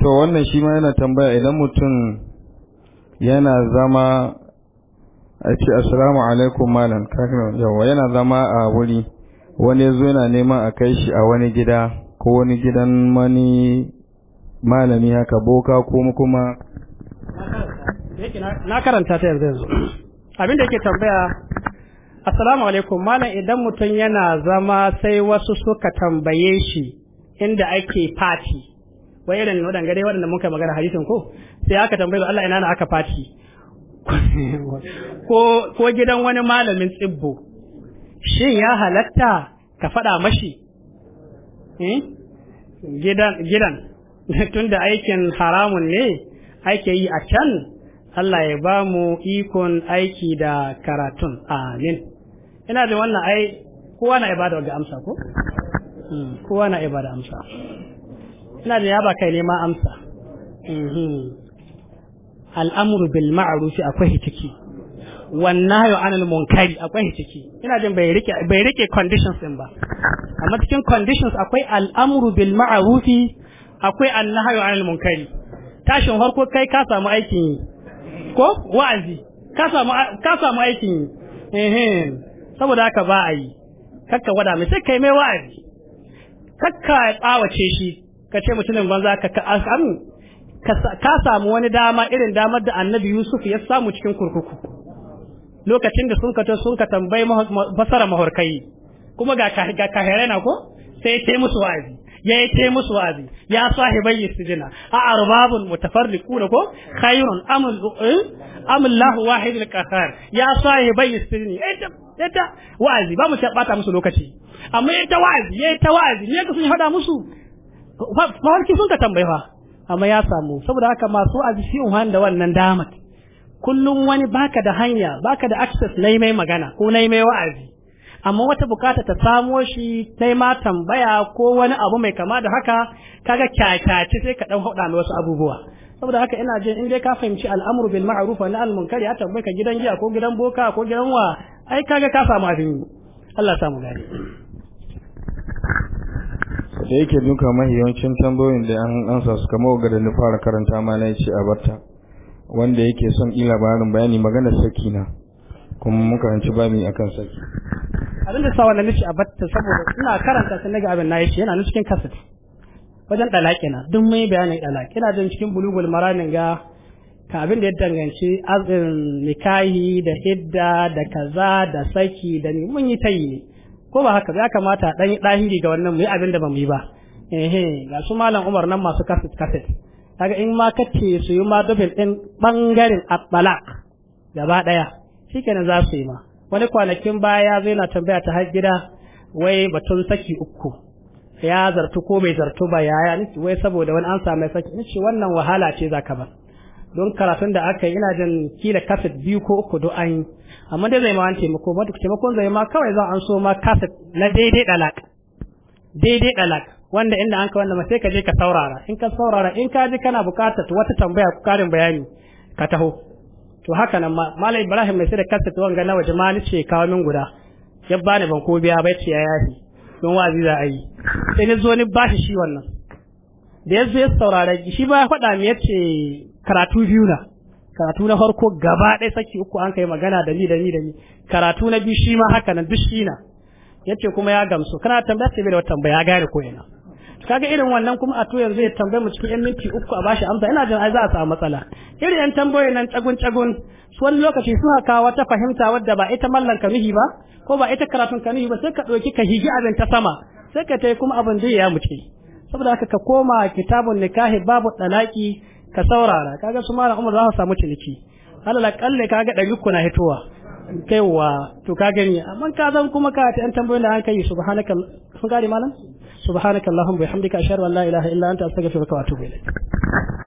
to wannan shi ma yana tambaya idan mutum yana zama a ce assalamu alaikum malam kafin yawa yana zama a wuri wani zo yana neman a kai shi a wani gida ko wani gidan mani malami haka boka ko kuma na karanta ta yanzu yanzu abinda yake tambaya assalamu alaikum malam idan mutum yana zama sai wasu suka tambaye shi inda ake fati wa irin waɗanda dai waɗanda muka magana hadisin ko sai aka tambaye Allah ina na aka fati ko ko gidan wani malamin tsibbo shin ya halatta ka faɗa mashi eh? gidan gidan (laughs) tunda aikin haramun ne ake yi a can Allah ya ba mu ikon aiki da karatun amin ina da wannan ai kowa na ibada ga amsa ko hmm, kowa na ibada amsa ina da ya ba kai nema amsa hmm, hmm. al’amuru bil ma'ruf akwai hitiki wannan yau anil munkari akwai hitiki ina jin bai rike conditions din ba amma cikin conditions akwai al’amuru bil ma'ruf akwai annahyu anil munkari tashin harko kai ka samu aikin yi ko wa'azi ka samu aikin yi saboda haka ba a yi kakka wada mai sai kai mai wa'azi kakka tsawace shi ka ce mutumin banza ka ka asamu ka samu wani dama irin damar da annabi yusuf ya samu cikin kurkuku lokacin da sun kato sun ka tambayi fasara mahorkai kuma ga kahirai na ko sai ce musu wa'azi ya yi ce musu wa'azi ya sahibai istijina a arbabun kuna ko khairun amul eh, amul lahu wahidul qahar ya sahibai istijini ita eh, eh, wa'azi ba mu ta bata musu lokaci amma ya ta wa'azi ya ta wa'azi ne ka sun hada musu mafarki sun ka tambayi fa amma ya samu saboda haka masu azishi unhan da wannan dama kullum wani baka da hanya baka da access na mai magana ko na mai wa'azi amma wata bukata ta samo shi sai ma tambaya ko wani abu mai kama da haka kaga kyakyaci sai ka dan hauɗa wasu abubuwa saboda haka ina jin in dai ka fahimci al'amru bil ma'ruf wa nahyi munkar ya tambaye ka gidan giya ko gidan boka ko gidan wa ai kaga ka samu abin Allah samu gari da yake duka mahi yawancin tambayoyin da an ansa su kamar ga da fara karanta ma na yace a barta wanda yake son ila labarin bayani magana saki na kuma muka hanci bami akan saki abin da sawa na nishi a barta saboda ina karanta sai naga abin na yace yana nan cikin kaset wajen dalaki na duk mai bayanin dalaki ina jin cikin bulugul maranin ga ka abin da ya danganci azin nikahi da hidda da kaza da saki da ni mun yi tayi ne ko ba haka ya kamata dan ɗahiri ga wannan mu yi abin da ba mu yi ba eh ga su malam Umar nan masu kafet kafet kaga in ma kace su yi ma dubin din bangaren at gaba daya shikenan za su yi ma wani kwanakin baya zai na tambaya ta har gida wai batun saki uku ya zartu ko bai zartu ba yaya wai saboda wani an samu saki ni wannan wahala ce zaka ba don karatun da aka yi ina jin kila kafet biyu ko uku do an amma dai zai ma an taimako ba duk taimakon zai ma kawai za an so ma kasa na daidai dalak daidai dalak wanda inda an ka wanda ma sai ka je ka saurara in ka saurara in ka ji kana bukatar wata tambaya ko karin bayani ka taho to haka nan ma malam ibrahim mai sai da kasa to wanga na waje ma ni ce kawo min guda ya bani ban ko biya ba ce ya yafi don wazi za a yi sai ni zo ni ba shi shi wannan da ya zo ya saurara shi ba ya faɗa mi yace karatu biyu na karatu na farko gaba ɗaya saki uku an kai magana da ni da ni da ni karatu na biyu shi ma haka nan duk shi yace kuma ya gamsu kana tambaya sai bai da wata tambaya ya gane ko ina kaga irin wannan kuma a to yanzu ya tambaye mu cikin yan minti uku a bashi amsa ina jin ai za a samu matsala irin yan tambayoyin nan tsagun tsagun su wani lokaci suna kawo wata fahimta wadda ba ita mallan kamihi ba ko ba ita karatun kamihi ba sai ka ɗauki ka higi abin ta sama sai ka tai kuma abin da ya muke saboda haka ka koma kitabun nikahi babu dalaki ka saurara kaga su mara umar za su samu ciniki alal kalle kaga ɗari uku na hitowa kaiwa to ka gani amma ka zan kuma ka ta yan tambayoyin da an kai subhanaka sun gari malam subhanakallahumma bihamdika ashhadu an la ilaha illa anta astaghfiruka wa atubu ilaik